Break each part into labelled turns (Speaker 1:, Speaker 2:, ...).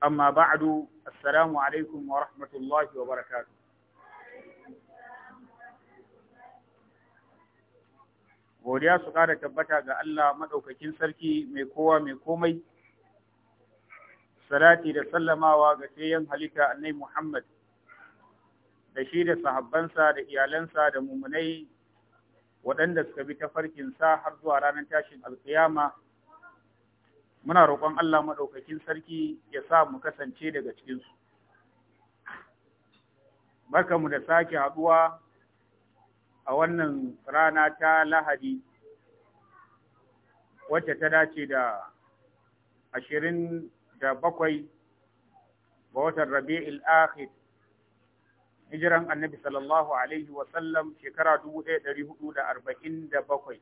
Speaker 1: Amma أما 'Assalamu alaikum عليكم ورحمة الله وبركاته godiya su ƙara tabbata ga Allah maɗaukakin sarki mai kowa mai komai salati da sallamawa ga sayan halitta annai Muhammad da shi da sahabbansa da iyalansa da mummunai. waɗanda suka bi tafarkinsa har zuwa ranar tashin alkiyama muna roƙon Allah maɗaukakin sarki ya sa mu kasance daga cikinsu. Barka mu da sake haɗuwa a wannan rana ta Lahadi wacce ta dace da ashirin da bakwai ga watan Rabi'il Akhir hijiran annabi sallallahu Alaihi wasallam shekara dubu ɗaya ɗari hudu da arba'in da bakwai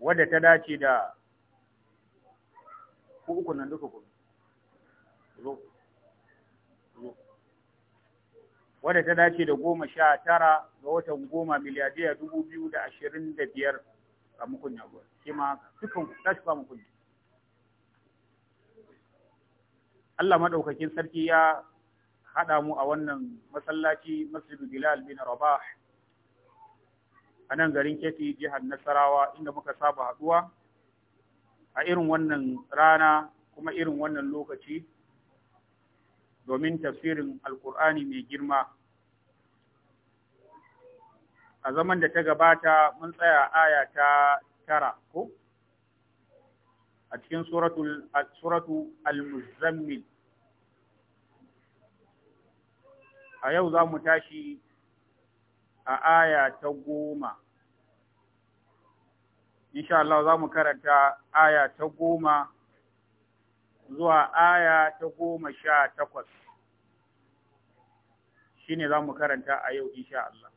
Speaker 1: wadda ta dace da ku uku nan duka zo wadda ta dace da goma sha tara ga watan goma miliyadiya dubu biyu da ashirin da biyar a mukunya gwar shi ma dukkan ku tashi ba mukunya Allah madaukakin sarki ya haɗa mu a wannan masallaci Masjid Bilal bin Rabah a nan garin Kefi jihar Nasarawa inda muka saba haɗuwa a irin wannan rana kuma irin wannan lokaci domin tafsirin alkur'ani mai girma a zaman da ta gabata mun tsaya aya ta tara ko a cikin suratu al-muzammil a yau za mu tashi a aya ta goma insha Allah za mu karanta aya ta goma zuwa aya ta goma sha takwas shi ne za mu karanta a yau insha Allah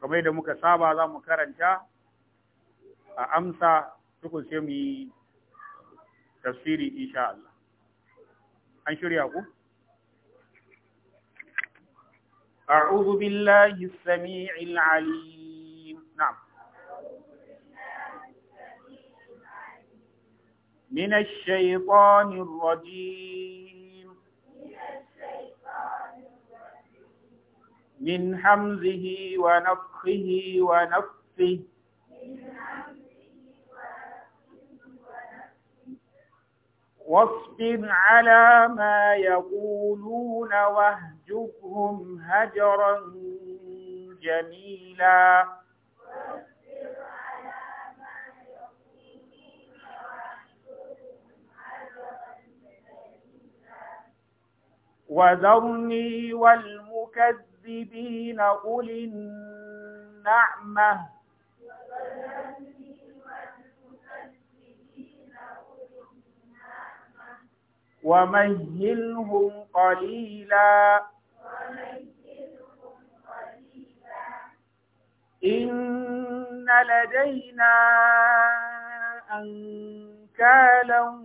Speaker 1: kamar da muka saba za mu karanta a amsa tukun sai mu yi tafsiri insha Allah an shirya ku أعوذ بالله السميع العليم من الشيطان الرجيم من حمزه ونفخه ونفه واصبر على ما يقولون واهجرهم هجرا جميلا وذرني والمكذبين أولي النعمة ومهلهم قليلا إن لدينا أنكالا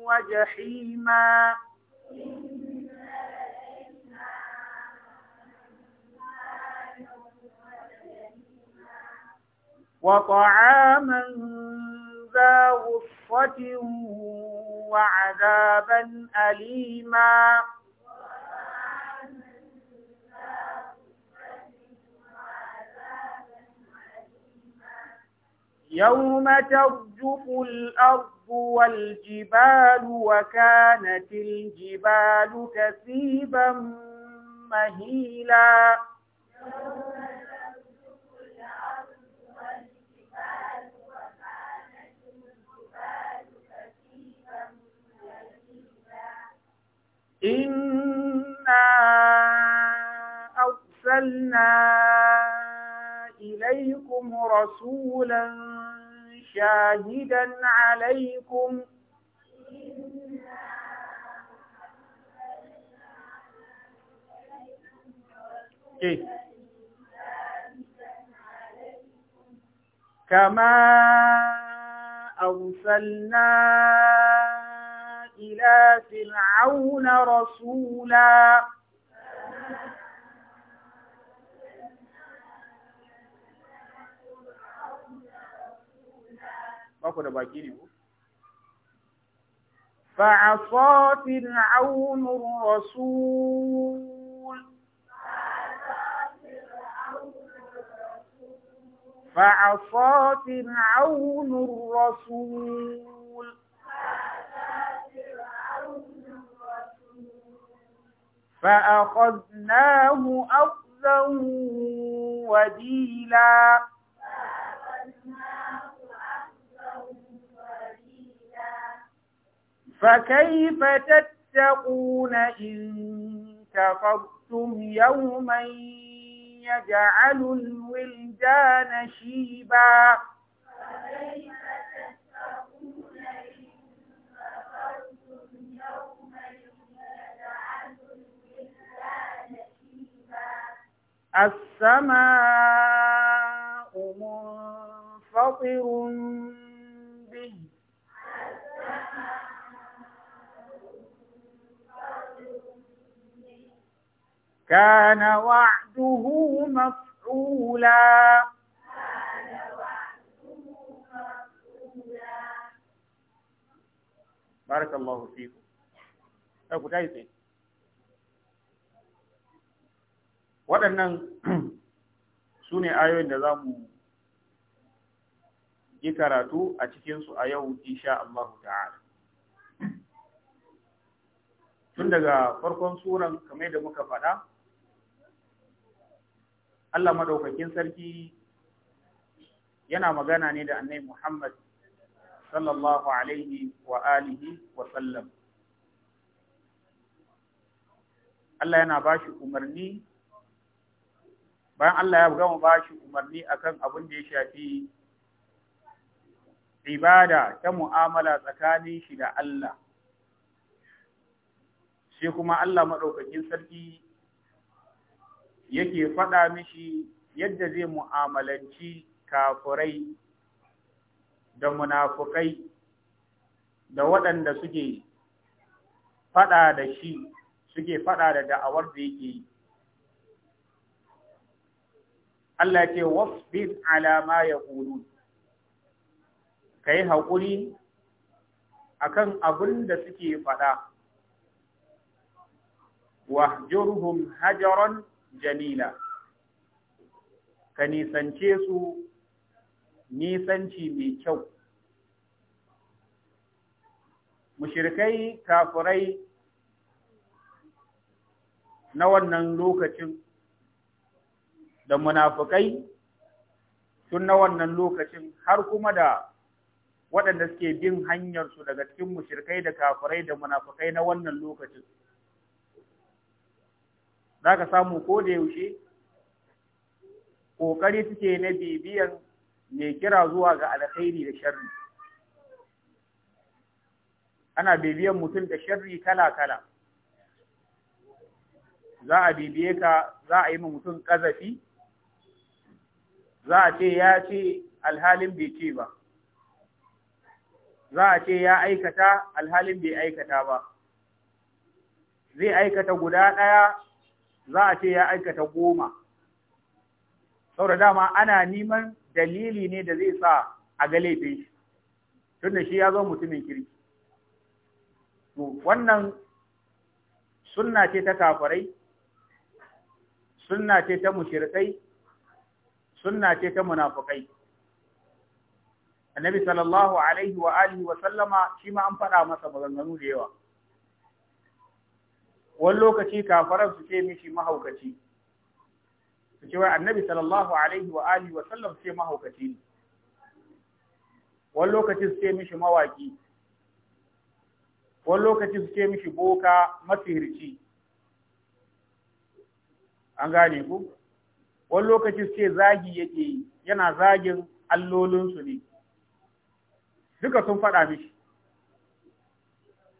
Speaker 1: وجحيما وطعاما ذا غصة وعذابا أليما يوم ترجف الأرض والجبال وكانت الجبال كثيبا مهيلا يوم إنا أرسلنا إليكم رسولا شاهدا عليكم إيه؟ كما أرسلنا إلى فرعون رسولا فعصى فرعون الرسول فعصى فرعون الرسول فأخذناه أخذا وبيلا فكيف تتقون إن كفرتم يوما يجعل الولدان شيبا السماء منفطر به كان وعده مفعولا بارك الله فيكم أبو طيب، تايسين waɗannan su ne ayoyin da za mu yi karatu a cikinsu a yau isha Allah ta'ala tun daga farkon suran kamar da muka faɗa Allah maɗaukakin sarki yana magana ne da annai Muhammad sallallahu alaihi wa alihi wa sallam Allah yana ba shi umarni
Speaker 2: bayan Allah ya gama
Speaker 1: ba shi umarni akan abin da ya shafi ibada ta mu'amala tsakanin shi da Allah Sai kuma Allah maɗaukakin sarki yake faɗa mishi yadda zai mu'amalanci kafurai da munafukai da waɗanda suke faɗa da shi suke faɗa da da'awar da yake yi Allah ce wasbir ala ma yaqulun kai hakuri akan abin da suke faɗa wahjurhum hajaran jamila ka nisance su nisanci mai kyau mushrikai kafirai na wannan lokacin da munafukai tun na wannan lokacin har kuma da waɗanda suke bin hanyarsu daga cikin mushirkai da kafirai da munafukai na wannan lokacin. Za ka samu ko da yaushe, ƙoƙari suke na bibiyan mai kira zuwa ga alkhairi da sharri. Ana bibiyan mutum da sharri kala-kala. Za a bibiye ka, za a yi mutum ƙazafi. za a ce ya ce alhalin bai ce ba za a ce ya aikata alhalin bai aikata ba zai aikata guda ɗaya za a ce ya aikata goma Sau da dama ana neman dalili ne da zai sa a ga laifin shi tunda shi ya zo mutumin kirki to wannan sunna ce ta kafarai, sunna ce ta mushirkai. sunna ce ta munafukai annabi sallallahu alaihi wa alihi wa sallama shi ma an faɗa masa maganganu da yawa wani lokaci kafaran su ce mishi mahaukaci su ce wai annabi sallallahu alaihi wa alihi wa sallam ce mahaukaci ne wani lokaci su ce mishi mawaki wani lokaci su ce mishi boka masihirci an gane ku wani lokaci suke zagi yake yana zagin allolinsu ne duka sun faɗa mishi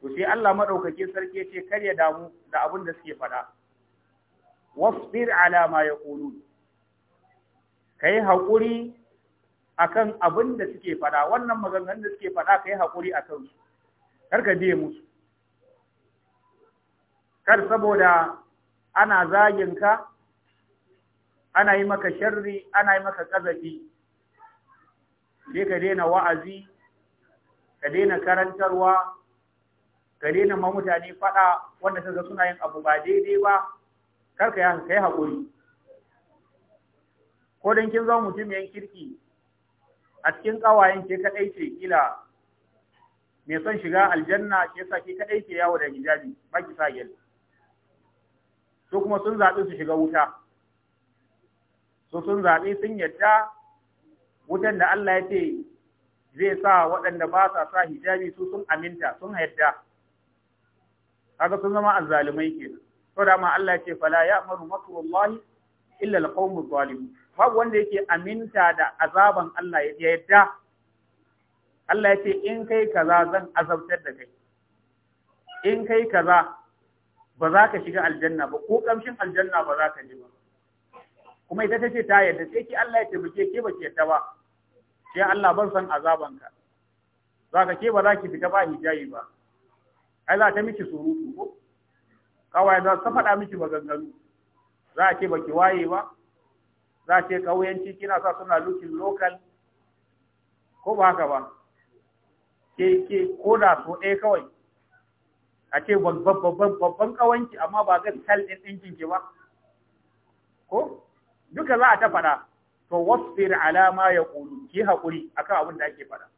Speaker 1: to sai Allah maɗaukaki sarki ce kar ya damu da abin da suke faɗa wasbir ala ma yaqulun kai haƙuri akan abin da suke faɗa wannan maganganun da suke faɗa kai haƙuri akan su kar ka biye musu kar saboda ana zagin ka ana yi maka sharri ana yi maka kazafi sai ka daina wa'azi ka daina karantarwa ka daina ma mutane faɗa wanda suka suna yin abu ba daidai ba kar ka yi kai haƙuri ko dan kin zama mutum yan kirki a cikin ƙawayen ke kaɗai ce kila mai son shiga aljanna ke sa ke kaɗai ke yawo da hijabi ba sa gel su kuma sun zaɓi su shiga wuta su sun zaɓe sun yadda wutan da Allah ya ce zai sa waɗanda ba sa sa hijabi su sun aminta sun yadda kaga sun zama azzalumai ke. to da ma Allah ya ce fala ya'muru makrullahi illa alqawmu zalimun babu wanda yake aminta da azaban Allah ya yadda Allah ya ce in kai kaza zan azabtar da kai in kai kaza ba za ka shiga aljanna ba ko kamshin aljanna ba za ka ji ba kuma ita ta ce ta yarda sai ki Allah ya taimake ke ba ki yarda ba sai Allah ban san ka. za ka ke ba za ki fita ba hijabi ba ai za ta miki surutu ko kawai za ta faɗa miki maganganu za a ce baki waye ba za a ce kauyanci kina sa suna looking local ko ba haka ba ke ke ko da so ɗaya kawai a ce babban babban kawanki amma ba ga kal ɗin ɗinkin ki ba ko duka za a ta faɗa to wasfir ala ma yaqulu ki hakuri akan abin da ake faɗa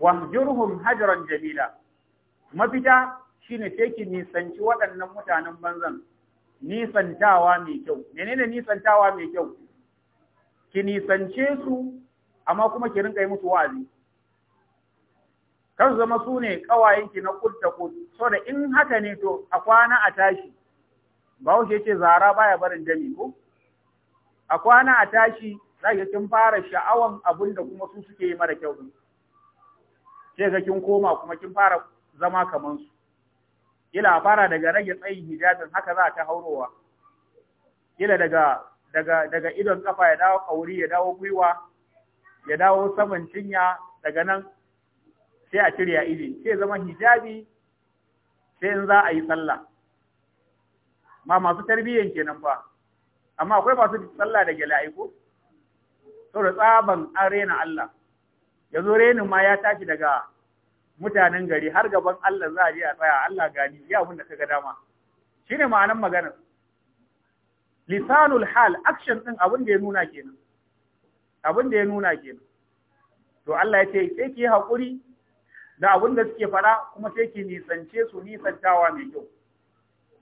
Speaker 1: wahjurhum hajran jamila mafita shine sai ki nisanci waɗannan mutanen banzan nisantawa mai kyau menene nisantawa mai kyau ki nisance su amma kuma ki rinka yi musu wa'azi kar zama su ne ƙawayenki na kudda kud so da in haka ne to a kwana a tashi ba wuce ce zara baya barin dami ko a kwana a tashi za ka kin fara sha'awan abin da kuma su suke yi mara kyau sai ga kin koma kuma kin fara zama kaman su kila fara daga rage tsayin hijabin haka za ta haurowa kila daga daga daga idon kafa ya dawo kauri ya dawo gwiwa ya dawo saman cinya daga nan sai a cire a sai zama hijabi sai in za a yi sallah ma masu tarbiyyan kenan fa amma akwai masu sallah da gyala'i ko saboda tsaban an rena Allah zo renin ma ya tashi daga mutanen gari har gaban Allah za a je a tsaya Allah gani ya abin da kaga dama shine ma'anan maganar lisanul hal action ɗin abin da ya nuna kenan abin da ya nuna kenan to Allah ya ce sai ki hakuri da abin da suke faɗa kuma sai ki nisance su nisantawa mai kyau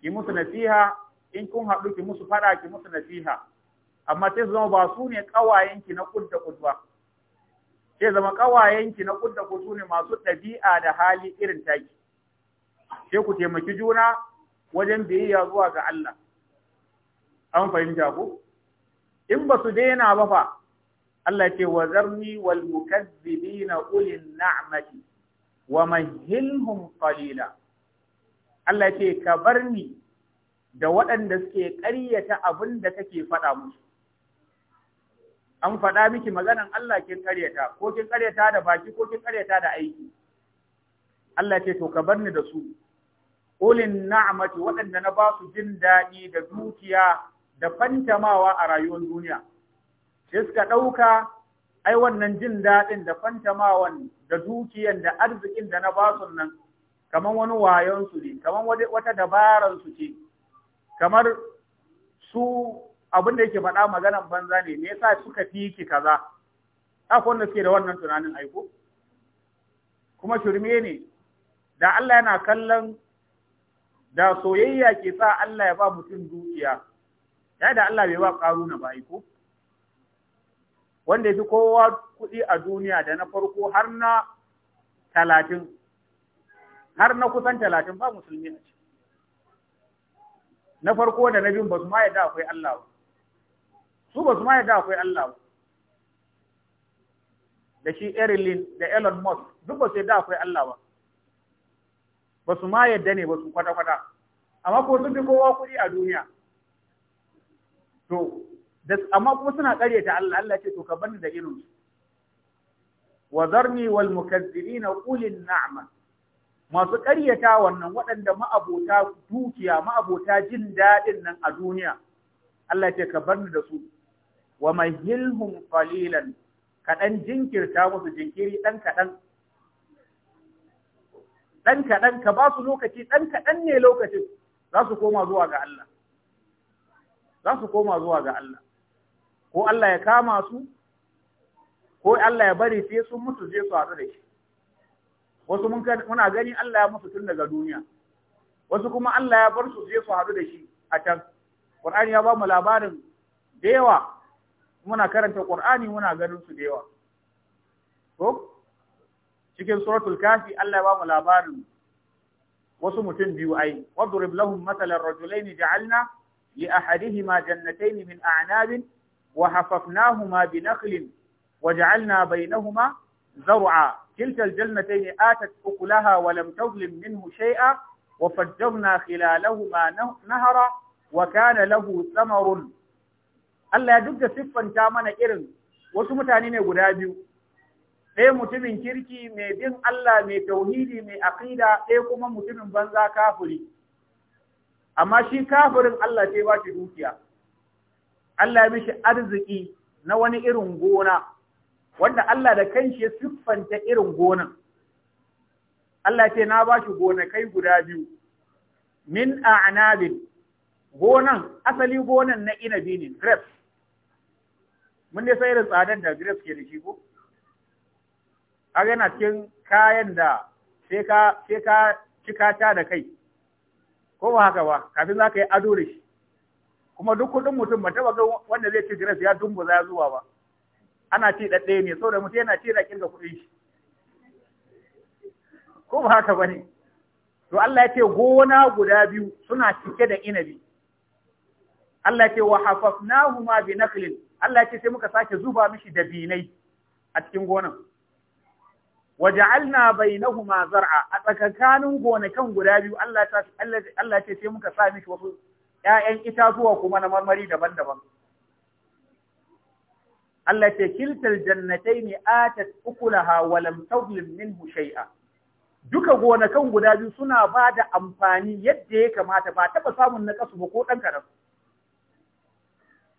Speaker 1: ki musu nasiha in kun haɗu ki musu faɗa ki musu nasiha amma sai zama ba su ne ƙawayenki na kudda kudwa sai zama ƙawayenki na kudda ku ne masu ɗabi'a da hali irin taki sai ku taimaki juna wajen biyayya zuwa ga Allah an fahimta ku in ba su daina ba fa Allah ce wa zarni wal mukazzibina ulin na'mati wa mahilhum qalila Allah ce ka barni da waɗanda suke ƙaryata abin da kake faɗa musu. An faɗa miki maganan Allah kin ƙaryata, ko kin ƙaryata da baki ko kin ƙaryata da aiki. Allah ce to ka ni da su. Ulin na'amati waɗanda na ba su jin daɗi da dukiya da fantamawa a rayuwar duniya. Sai suka ɗauka ai wannan jin daɗin da fantamawan da dukiyan da arzikin da na ba su nan kamar wani wayonsu ne, kamar wata dabaransu ce. kamar su abin da yake faɗa maganan banza ne me yasa suka fi ki kaza akwai wanda suke da wannan tunanin aiko kuma shirme ne da Allah yana kallon da soyayya ke sa Allah ya ba mutum dukiya ya da Allah bai ba karuna ba aiko wanda ya fi kowa kuɗi a duniya da na farko har na talatin har na kusan talatin ba musulmi a ciki na farko da na biyun ba su ma yadda akwai Allah ba su ba su ma yadda akwai Allah ba da shi Erilin da Elon Musk duk ba su yadda akwai Allah ba ba su ma yadda ne ba su kwata-kwata amma ko sun fi kowa kuɗi a duniya to amma kuma suna ta Allah Allah ce to ka bani da irin su wa zarni wal mukazzibina qulin na'ma masu ƙaryata wannan waɗanda ma'abota dukiya ma'abota jin daɗin nan a duniya Allah ce ka bar ni da su wa mahilhum qalilan kaɗan jinkirta musu jinkiri ɗan kaɗan ɗan kaɗan ka ba su lokaci ɗan kaɗan ne lokacin za su koma zuwa ga Allah za su koma zuwa ga Allah ko Allah ya kama su ko Allah ya bari sai sun mutu je su haɗu da shi wasu muna gani Allah ya musu tun daga duniya wasu kuma Allah ya bar su je su haɗu da shi a can Qur'ani ya ba mu labarin da yawa muna karanta Qur'ani muna ganin su da yawa ko cikin suratul kafi Allah ya ba mu labarin wasu mutum biyu ai wadrib lahum matalan rajulain ja'alna li ahadihima jannatayn min a'nabin wa hafafnahuma bi nakhlin وجعلنا بينهما زرعا كلتا wa آتت أكلها ولم تظلم منه شيئا وفجرنا خلالهما نهرا وكان له ثمر Allah ya duk da siffanta mana irin wasu mutane ne guda biyu ɗaya mutumin kirki mai bin Allah mai tauhidi mai aqida ɗaya kuma mutumin banza kafiri amma shi kafirin Allah sai ba shi dukiya Allah ya mishi arziki na wani irin gona wanda Allah da kanshi ya siffanta irin gonan. Allah ce na ba shi gonakai guda biyu, min a'nabin gonan, asali gonan na inabi ne, grapes. Mun ne sai da tsadar da grapes ke da shi ko? Har yana cikin kayan da sai ka cika da kai, ko ba haka ba, kafin za ka yi ado da shi. Kuma duk kuɗin mutum ba taba ga wanda zai ci grapes ya dumbu za zuwa ba. ana ci ɗaɗɗe ne saboda mutum yana ci da kirga kuɗin shi ko ba haka bane to Allah ya ce gona guda biyu suna cike da inabi Allah ya ce wa hafafnahuma bi Allah ya ce sai muka sake zuba mishi da binai a cikin gonan na bainahuma zar'a a tsakankanin gonakan guda biyu Allah ya ce sai muka sa mishi wasu ‘ya'yan itatuwa kuma na marmari daban-daban. Allah ce kiltal jannatayn atat ukulaha wa lam tadlim minhu shay'a duka gonakan guda biyu suna ba da amfani yadda ya kamata ba taɓa samun na kasu ba ko ɗan kaɗan.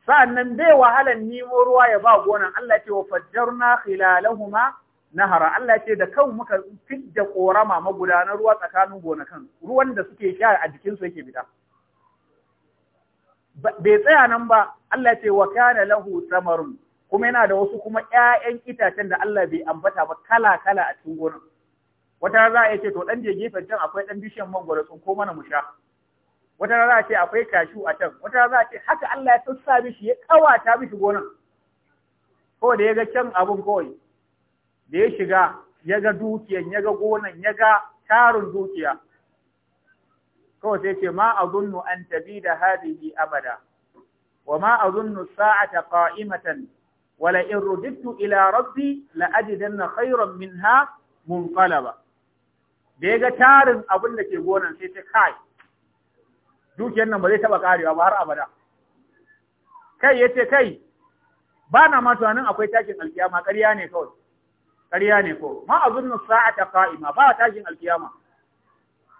Speaker 1: Sa'annan bai wahalan nemo ruwa ya ba gonan Allah ce wa fajjarna khilalahuma nahara Allah ce da kan muka fidda korama magudanar ruwa tsakanin gonakan ruwan da suke sha a jikinsu yake bida Bai tsaya nan ba Allah ce wa kana lahu samarun kuma yana da wasu kuma 'ya'yan itacen da Allah bai ambata ba kala kala a cikin gonar. wata za a ce to dan je gefen can akwai dan bishiyan mangwaro sun ko mana mu sha wata za a ce akwai kashu a can wata za a ce haka Allah ya sassa bishi ya kawata bishi gonar. ko da ya ga can abun kawai da ya shiga ya ga dukiyan ya ga gonan ya ga tarin dukiya kawai sai ce ma azunnu an tabi da hadihi abada wa ma azunnu sa'ata qa'imatan wala in rujittu ila rabbi la ajidanna khayran minha munqalaba da ya ga tarin abin da ke gonan sai ta kai dukiyar nan ba zai taba karewa ba har abada kai ya ce kai ba na ma tunanin akwai takin alkiyama ƙarya ne kawai ƙarya ne ko ma azunnu sa'ata qa'ima ba takin alkiyama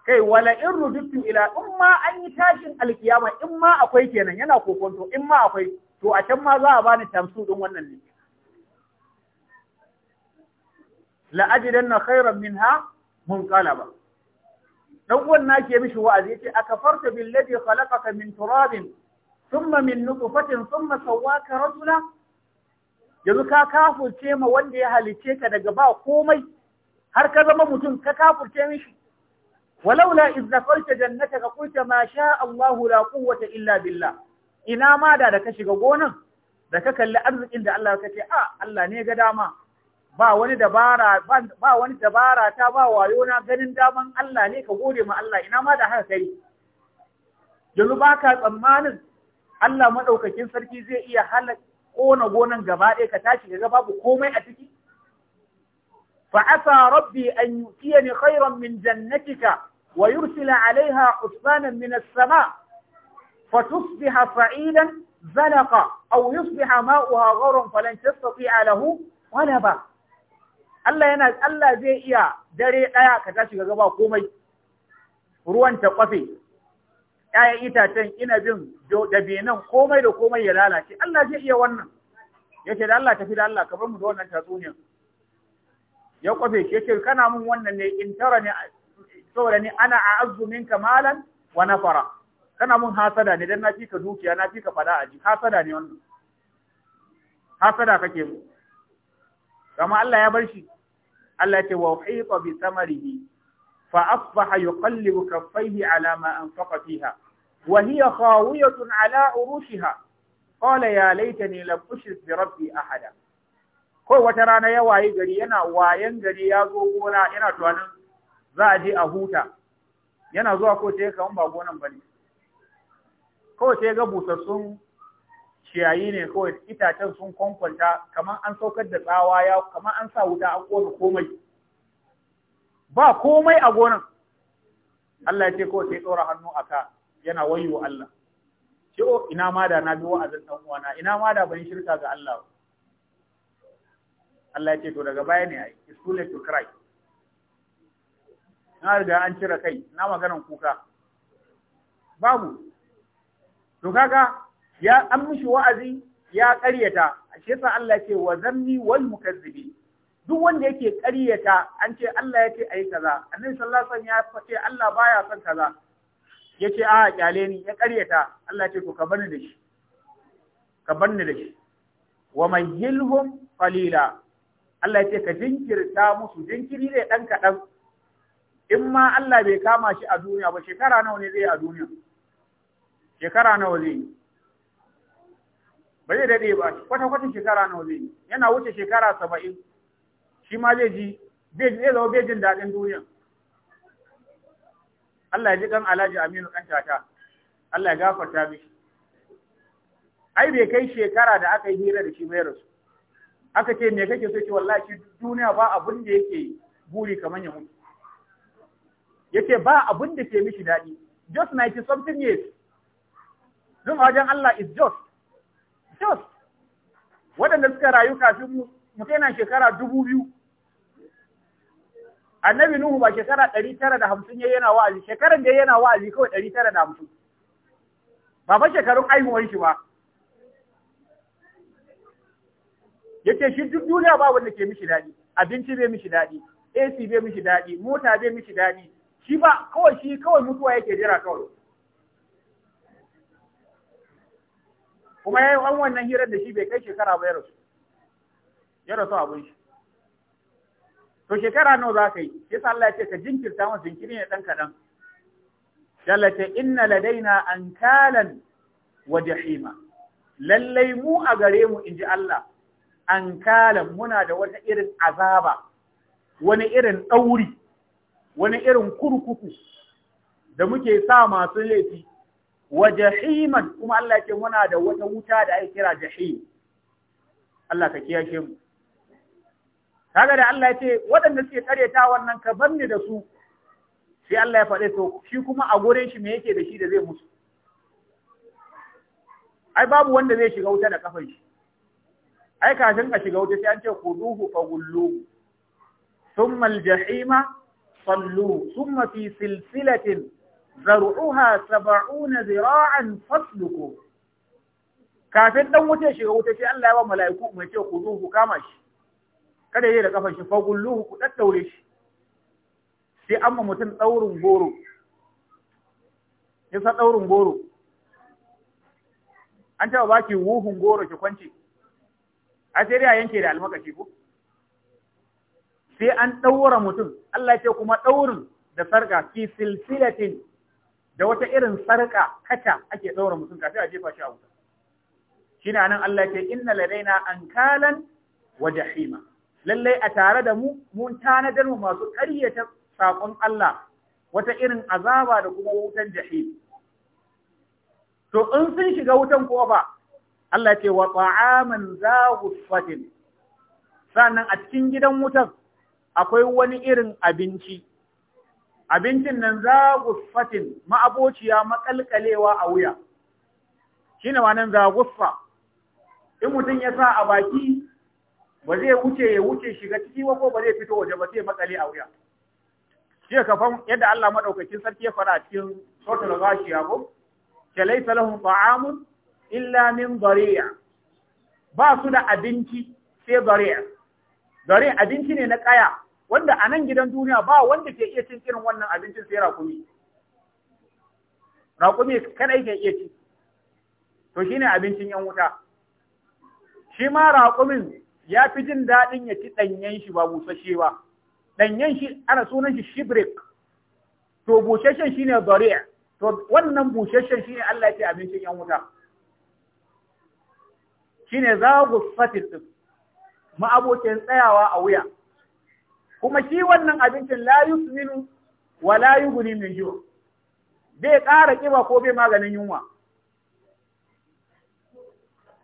Speaker 1: kai wala in rujittu ila umma ma an yi takin alkiyama in ma akwai kenan yana kokonto in ma akwai to a can ma za a bani tamsu din wannan ne la'ajidanna khairan minha munqalaba dan uwan nake mishi wa'azi yace akafarta billadhi khalaqaka min turabin thumma min nutfatin thumma sawwaka rajula yanzu ka kafurce ma wanda ya halice ka daga ba komai har ka zama mutum ka kafurce mishi walaula iz dakalta jannataka qulta ma sha Allahu la quwwata illa billah ina ma da da ka shiga gonan da ka kalli arzikin da Allah ka ce a Allah ne ga dama ba wani dabara ba wani dabara ta ba wayo na ganin daman Allah ne ka gode ma Allah ina ma da haka kai yanzu baka tsammanin Allah madaukakin sarki zai iya halak kona gonan gaba ɗaya ka tashi ga babu komai a ciki fa asa rabbi an yutiyani khairan min jannatika wa yursila alaiha usmanan min as-sama' فتصبح صعيدا زلقا أو يصبح ماؤها غورا فلن تستطيع له غلبا Allah yana Allah zai iya dare ɗaya ka tashi ga gaba komai ruwan ta kwafe ƴaƴan itacen inabin da benan komai da komai ya lalace Allah zai iya wannan yace da Allah tafi da Allah ka bar mu da wannan tatsuniyar ya kwafe shi yace kana mun wannan ne in tara ne saboda ni ana a'azzu minka malan wa nafara kana mun hasada ne dan na fi dukiya na fi fada a hasada ne wannan hasada kake mu kama Allah ya bar shi Allah ya ce wa uhita bi samarihi fa asbaha yuqallibu kaffayhi ala ma anfaqa fiha wa hiya khawiyatun ala urushiha qala ya laitani lam ushrik bi rabbi ahada ko wata rana ya wayi gari yana wayan gari ya zo gona yana tunanin za a je a huta yana zuwa ko sai kaman ba gonan bane kawai sai ga busassun ciyayi ne kawai itacen sun kwankwanta kamar an saukar da tsawa ya kamar an sa wuta an kona komai ba komai a gonan Allah ya ce kawai sai tsora hannu aka yana wayo Allah ce o oh, ina ma da na bi wa'azin dan uwana ina ma da ban shirka ga Allah Allah ya ce to daga baya ne ai it's too late to cry na riga an cire kai na maganan kuka babu to kaga ya an mishi wa'azi ya ƙaryata shi yasa Allah ce wa zanni wal mukazzibi duk wanda yake ƙaryata an ce Allah ya ce ayi kaza annabi sallallahu alaihi wasallam ya ce Allah baya son kaza yace a kyale ni ya ƙaryata Allah ce to ka bani da shi ka bani da shi wa mayyilhum qalila Allah ya ce ka jinkirta musu jinkiri ne dan kadan in ma Allah bai kama shi a duniya ba shekara nawa ne zai a duniya shekara nawa zai yi ba zai daɗe ba kwata kwata shekara nawa zai yi yana wuce shekara saba'in shi ma zai ji zai zama bai jin daɗin duniya Allah ya ji kan Alhaji Aminu ɗan tata Allah ya gafarta mishi ai bai kai shekara da aka yi hira da shi bai rasu aka ce me kake so ce wallahi duniya ba abin da yake buri kamar ya mutu yace ba abin da ke mishi daɗi just 90 something years Jin wajen Allah is just. Just. Waɗanda suka rayu kafin mu kai na shekara dubu biyu. Annabi Nuhu ba shekara ɗari tara da hamsin ya yana wa'azi, shekaran da yana wa'azi kawai ɗari tara da hamsin. Ba fa shekarun aihuwar shi ba. ce shi duk duniya ba wanda ke mishi daɗi, abinci bai mishi daɗi, AC bai mishi daɗi, mota bai mishi daɗi, shi ba kawai shi kawai mutuwa yake jira kawai. kuma ya yi an wannan hirar da shi bai kai shekara ba ya rasu ya rasu abin shi to shekara nawa za ka yi sa Allah ya ce ka jinkirta masa jinkiri ne dan kadan Yalla ce inna ladaina ankalan wa jahima lallai mu a gare mu inji Allah ankalan muna da wata irin azaba wani irin ɗauri wani irin kurkuku da muke sa masu laifi wa jahiman kuma Allah ya muna da wata wuta da ake kira jahim Allah ka kiyashe mu kaga da Allah ya ce waɗanda suke karyata wannan ka banni da su sai Allah ya faɗe to shi kuma a gurin shi me yake da shi da zai musu ai babu wanda zai shiga wuta da kafan shi ai kafin ka shiga wuta sai an ce khuduhu fa gullu. thumma al-jahima sallu thumma fi silsilatin zaru'uha saba'una zira'an fasluku kafin dan wuce shiga wuce, sai Allah ya ba mala'iku mai ce ku zo kama shi kada yi da kafan shi fagulluhu ku daddaure shi sai an ma mutum daurin goro yasa daurin goro an taba baki wuhun goro ki kwance a sai ya yanke da almakashi ko sai an daura mutum Allah ya ce kuma daurin da sarka fi silsilatin da wata irin sarƙa kata ake daura mutum kafin a jefa shi a wuta Shi ne anan Allah ke inna ladaina ankalan wa jahima lallai a tare da mu mun tanadar mu masu ƙaryata sakon Allah wata irin azaba da kuma wutan jahim to in sun shiga wutan ko ba Allah ke wa ta'aman za sannan a cikin gidan wutan akwai wani irin abinci abincin nan za guffatin ma'abociya makalkalewa a wuya Shi shine wannan za gusfa in mutum ya sa a baki ba zai wuce ya wuce shiga ciki ba ko ba zai fito waje ba zai makale a wuya shi ka fa yadda Allah madaukakin sarki ya fara cikin sautul ghashiya go ke laisa lahum ta'amun illa min dari'a ba su da abinci sai dari'a dari'a abinci ne na kaya wanda a nan gidan duniya ba wanda ke iya cin irin wannan abincin sai raƙumi raƙumi kadai ke iya ci to shi ne abincin yan wuta shi ma raƙumin ya fi jin daɗin ya ci ɗanyen shi ba busasshe ba ɗanyen shi ana sunan shi shibrik to busasshen ne zari'a to wannan busasshen ne Allah ya ce abincin yan wuta shine zagu fatil ma'abokin tsayawa a wuya kuma shi wannan abincin la yusminu wa la yughni min ju bai ƙara kiba ko bai maganin yunwa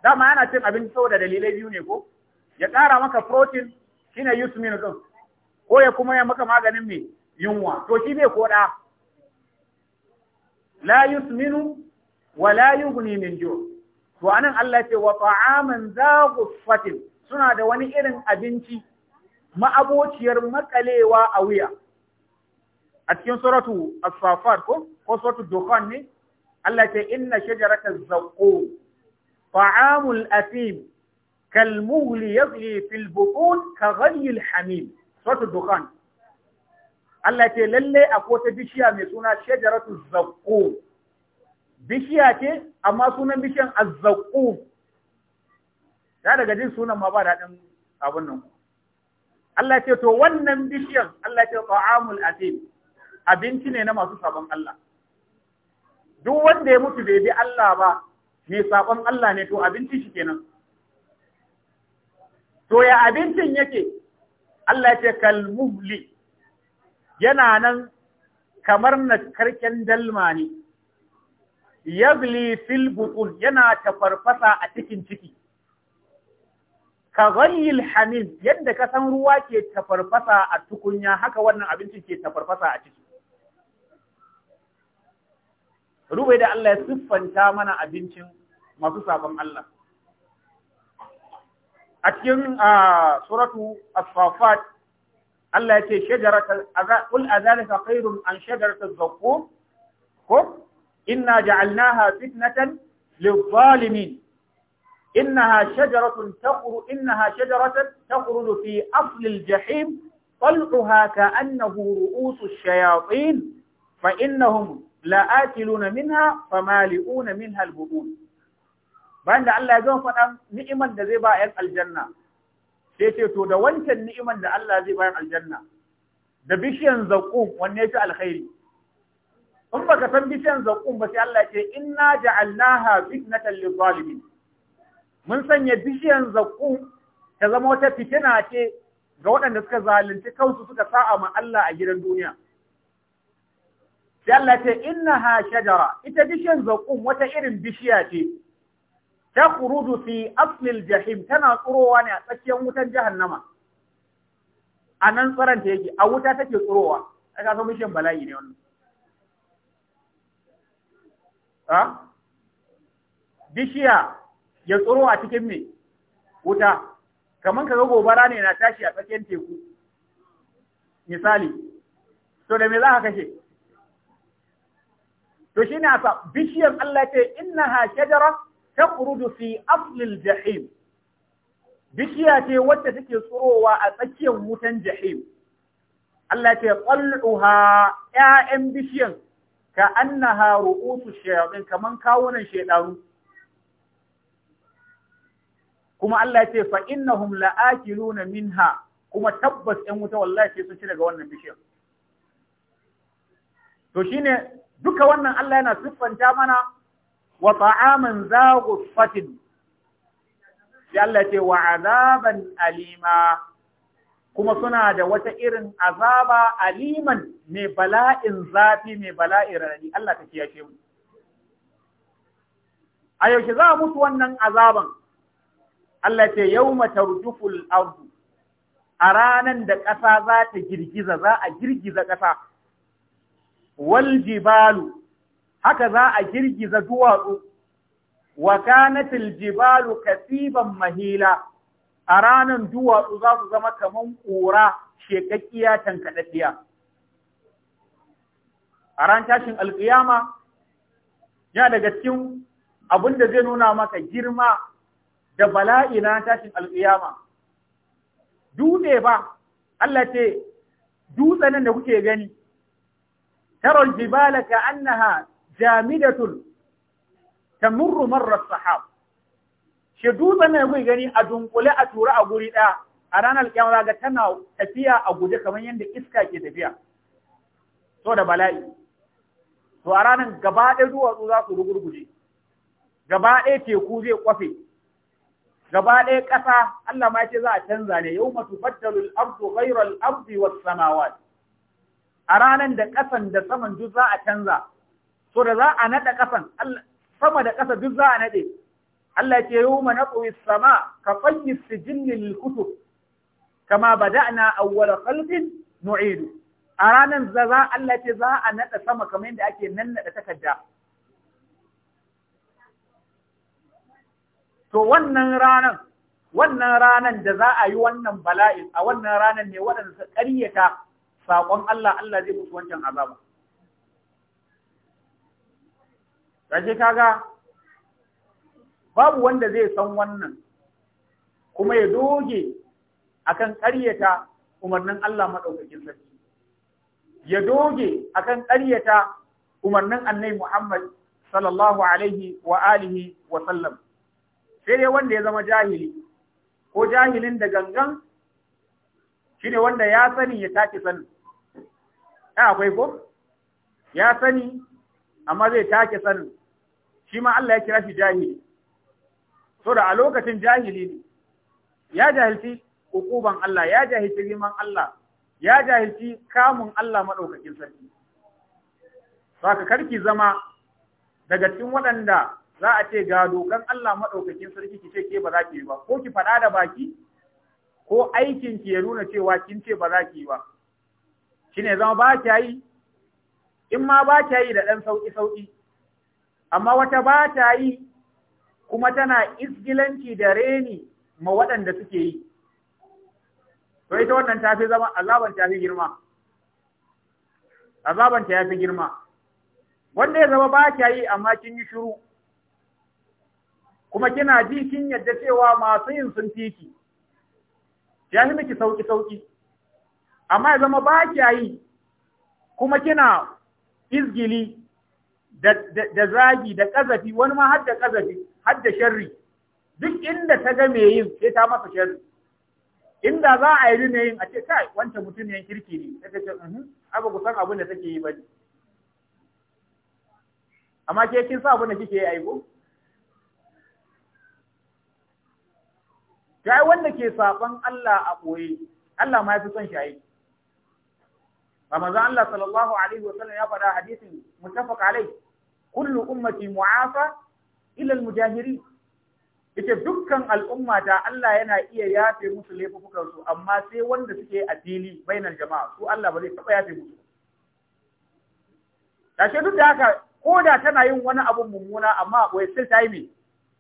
Speaker 1: dama yana cin abinci saboda dalilai biyu ne ko ya ƙara maka protein shine yusminu din ko ya kuma ya maka maganin me yunwa to shi bai koda la yusminu wa la yughni min ju to anan Allah ya ce wa ta'aman za suna da wani irin abinci ma'abociyar makalewa a wuya a cikin suratu as ko ko suratu dukhan ne Allah ce inna shajarata zaqqum ta'amul atim كالمغل يغلي في البطون كغلي Hamim. سورة الدخان Allah ce lalle akwai wata bishiya mai suna shajaratu zaqqum bishiya ce amma sunan bishiyan azzaqqum Da daga jin sunan ma ba daɗin abun nan Allah ce to wannan bishiyar, Allah ce ta'amul azim abinci ne na masu sabon Allah duk wanda ya mutu bai bi Allah ba mai sabon Allah ne to abinci shi kenan to ya abincin yake Allah ce kalmuhli yana nan kamar na karken dalma ne yagli fil butun yana tafarfasa a cikin ciki ka ghayyil hamim yadda ka san ruwa ke tafarfasa a tukunya haka wannan abincin ke tafarfasa a ciki Rube da Allah ya siffanta mana abincin masu sabon Allah a cikin suratu as Allah ya ce shajarata ta azalika khairun an shajarata zaqqum ko inna ja'alnaha fitnatan lil-zalimin إنها شجرة تخرج إنها شجرة تخرج في أصل الجحيم طلعها كأنه رؤوس الشياطين فإنهم لآكلون منها فمالئون منها البطون بان الله يجون فنم نئما دا زيبا يلقى الجنة سيسيتو دا وانتا نئما دا الله زيبا يلقى الجنة دا بشيان زوقوم وانيتا الخيري ثم كتن بشيان زوقوم بس الله يقول إنا جعلناها فتنة للظالمين mun sanya bishiyan zakku ta zama wata fitina ce ga waɗanda suka zalunci kansu suka sa'a ma Allah a gidan duniya. Yalla ce, Inna ha shajara ita bishiyan zakkum wata irin bishiya ce ta kurudu fi aslil jahim tana tsurowa ne a tsakiyar wutan jahannama. A nan tsaranta yake a wuta take tsurowa. Aka kasa bishiyan bala'i ne wannan. Bishiya ya tsoro a cikin me wuta kamar kaga gobara ne na tashi a tsakiyar teku misali to da me za ka kashe to shine asa bishiyar Allah ce innaha shajara takhruju fi aslil jahim bishiya ce wacce take tsorowa a tsakiyar wutan jahim Allah ce qal'uha ya'yan bishiyan ka annaha ru'usu shayatin kaman kawunan shedanu kuma Allah ya ce fa innahum la'akiluna minha kuma tabbas ɗan wuta wallahi sai sun ci daga wannan bishiyar to shine duka wannan Allah yana siffanta mana wa ta'aman za fatin sai Allah ce wa azaban alima kuma suna da wata irin azaba aliman mai bala'in zafi mai bala'in rani Allah ta kiyashe mu a yaushe za mutu wannan azaban Allah ce yawma tarjuful ardu a ranan da ƙasa za ta girgiza za a girgiza ƙasa wal jibalu haka za a girgiza duwatsu wa kanatil jibalu kasiban mahila a ranan duwatsu za su zama kaman ƙura shekakkiya tankadaddiya a ran tashin alƙiyama ya daga cikin abin da zai nuna maka girma da bala'i na tashin alƙiyama dutse ba Allah ce dutsen da kuke gani taral jibala ka annaha jamidatun tamurru marra sahab shi dutsen da kuke gani a dunkule a tura a guri ɗaya a ranar kiyama ga tana tafiya a guje kamar yadda iska ke tafiya so da bala'i to a ranar gaba ɗaya duwatsu za su rugurguje gaba ɗaya teku zai kwafe gaba ɗaya ƙasa Allah ma ya ce za a canza ne yau matu fattalul ardu ghairal ardi was samawat a ranan da ƙasan da saman duk za a canza so da za a naɗa ƙasan sama da ƙasa duk za a naɗe Allah ce yau ma natsuwi sama ka fayyi sijilli lil kutub kama bada'na awwala khalqin nu'idu a ranan za Allah ce za a naɗa sama kamar yadda ake nannaɗa takarda to wannan ranan wannan ranan da za a yi wannan bala'in a wannan ranan ne waɗanda su ƙaryata saƙon Allah Allah zai musu wancan azaba Raje kaga babu wanda zai san wannan kuma ya doge kan ƙaryata umarnin Allah maɗaukakin sarki ya doge akan ƙaryata umarnin annai Muhammad sallallahu alaihi wa alihi wa sallam sai dai wanda ya zama jahili ko jahilin da gangan shine wanda ya sani ya take sanin eh akwai ko ya sani amma zai take sanin shi ma Allah ya kira shi jahili so da a lokacin jahili ne ya jahilci hukuban Allah ya jahilci riman Allah ya jahilci kamun Allah madaukakin sarki saka karki zama daga cikin waɗanda za a ce ga dokan Allah maɗaukakin sarki ki ce ke ba za ki yi ba ko ki faɗa da baki ko aikin ki ya nuna cewa kin ce ba za ki yi ba shine zama ba ki yi in ma ba ki yi da ɗan sauƙi sauƙi amma wata ba ta yi kuma tana isgilanci da reni ma waɗanda suke yi to ita wannan ta fi zama azaban ta fi girma azaban ta ya fi girma wanda ya zama ba ki yi amma kin yi shiru kuma kina ji kin yadda cewa masu yin sun fiki ya yi miki sauki sauki amma ya zama ba kiya yi kuma kina izgili da zagi da ƙazafi, wani ma har da kazafi har sharri duk inda ta ga me yin sai ta masa sharri inda za a yi me yin a ce kai wancan mutum yan kirki ne sai ta ce mm-hmm, abu ku san abin da take yi ne. amma ke kin sa abin da kike yi aiko ga wanda ke saban Allah a ɓoye, Allah ma ya fi son shi aiki. Ramazan Allah sallallahu Alaihi wasallam ya faɗa hadisin mutafaq alai, kullu ummati mu'afa ilal mujahiri. Ita dukkan al'umma ta Allah yana iya yafe musu laifukansu amma sai wanda suke a fili bainar jama'a su Allah ba zai taɓa yafe musu. Tashe duk da haka ko da tana yin wani abun mummuna amma a ɓoye sai ta yi mai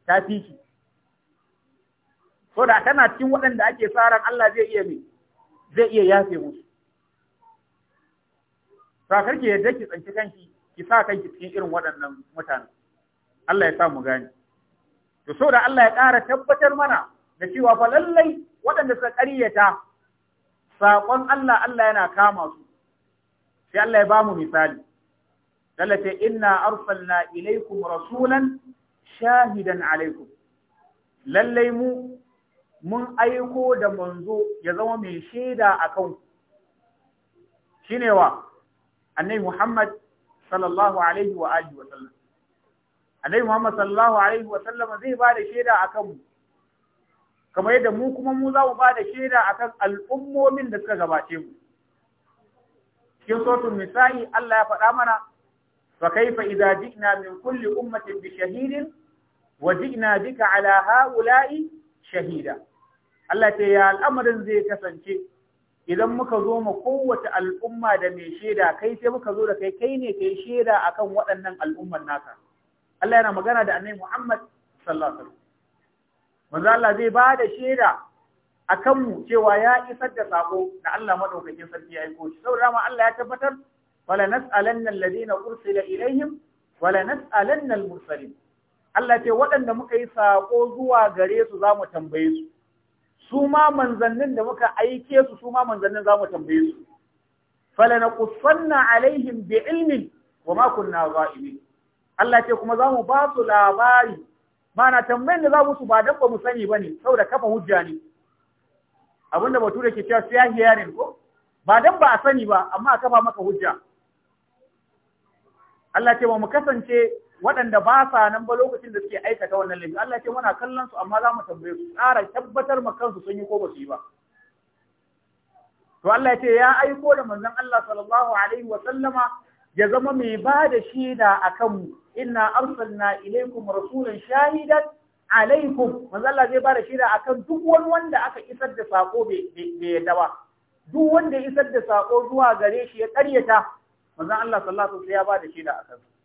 Speaker 1: ta fi shi. so da kana cikin waɗanda ake tsaran Allah zai iya ne zai iya yafe musu sakar ki yadda ki tsanci kanki ki sa kanki cikin irin waɗannan mutane Allah ya sa mu to so da Allah ya ƙara tabbatar mana da cewa fa lallai waɗanda suka ƙaryata saƙon Allah Allah yana kama su sai Allah ya ba mu misali lallata inna arsalna ilaikum rasulan shahidan alaikum lallai mu mun aiko da manzo ya zama mai shaida a kan Shi ne wa annai Muhammad sallallahu alaihi wa alihi wa sallam annabi Muhammad sallallahu alaihi wa sallam zai ba da shaida akan mu kamar yadda mu kuma mu za mu ba da shaida a kan al'ummomin da suka gabace mu cikin sautin misali, Allah ya faɗa mana fa kaifa idza ji'na min kulli ummatin bi shahidin wa ji'na bika ala ha'ula'i shahida Allah ce ya al'amarin zai kasance idan muka zo mu kowace al'umma da mai shaida kai sai muka zo da kai kai ne kai shaida akan waɗannan al'umman naka Allah yana magana da annabi Muhammad sallallahu alaihi wasallam manzo Allah zai ba da shaida akan mu cewa ya isar da sako da Allah madaukakin sarki ya aiko shi saboda ma Allah ya tabbatar wala nas'alanna alladhina ursila ilaihim wala nas'alanna al-mursalin Allah ce waɗanda muka yi sako zuwa gare su za mu tambaye su su ma manzannin da muka aike su su ma manzannin za mu tambaye su falanaqussanna alaihim bi ilmin wa ma kunna ghaibin Allah ce kuma za mu ba su labari mana tambayin da za mu su ba dan ba mu sani bane saboda kafa hujja ne abinda da ke cewa sai hearing ko ba dan ba a sani ba amma a kafa maka hujja Allah ce ba mu kasance waɗanda ba sa nan ba lokacin da suke aikata wannan laifi Allah ce muna kallon su amma za mu tambaye su tsara tabbatar ma kansu sun yi ko ba su yi ba to Allah ce ya aiko da manzon Allah sallallahu alaihi wa sallama ya zama mai ba da shida akan mu inna arsalna ilaikum rasulan shahidan alaikum manzon Allah zai ba da shaida akan duk wani wanda aka isar da sako bai yadda ba duk wanda isar da sako zuwa gare shi ya karyata manzon Allah sallallahu alaihi wa sallam ya ba da shaida akan su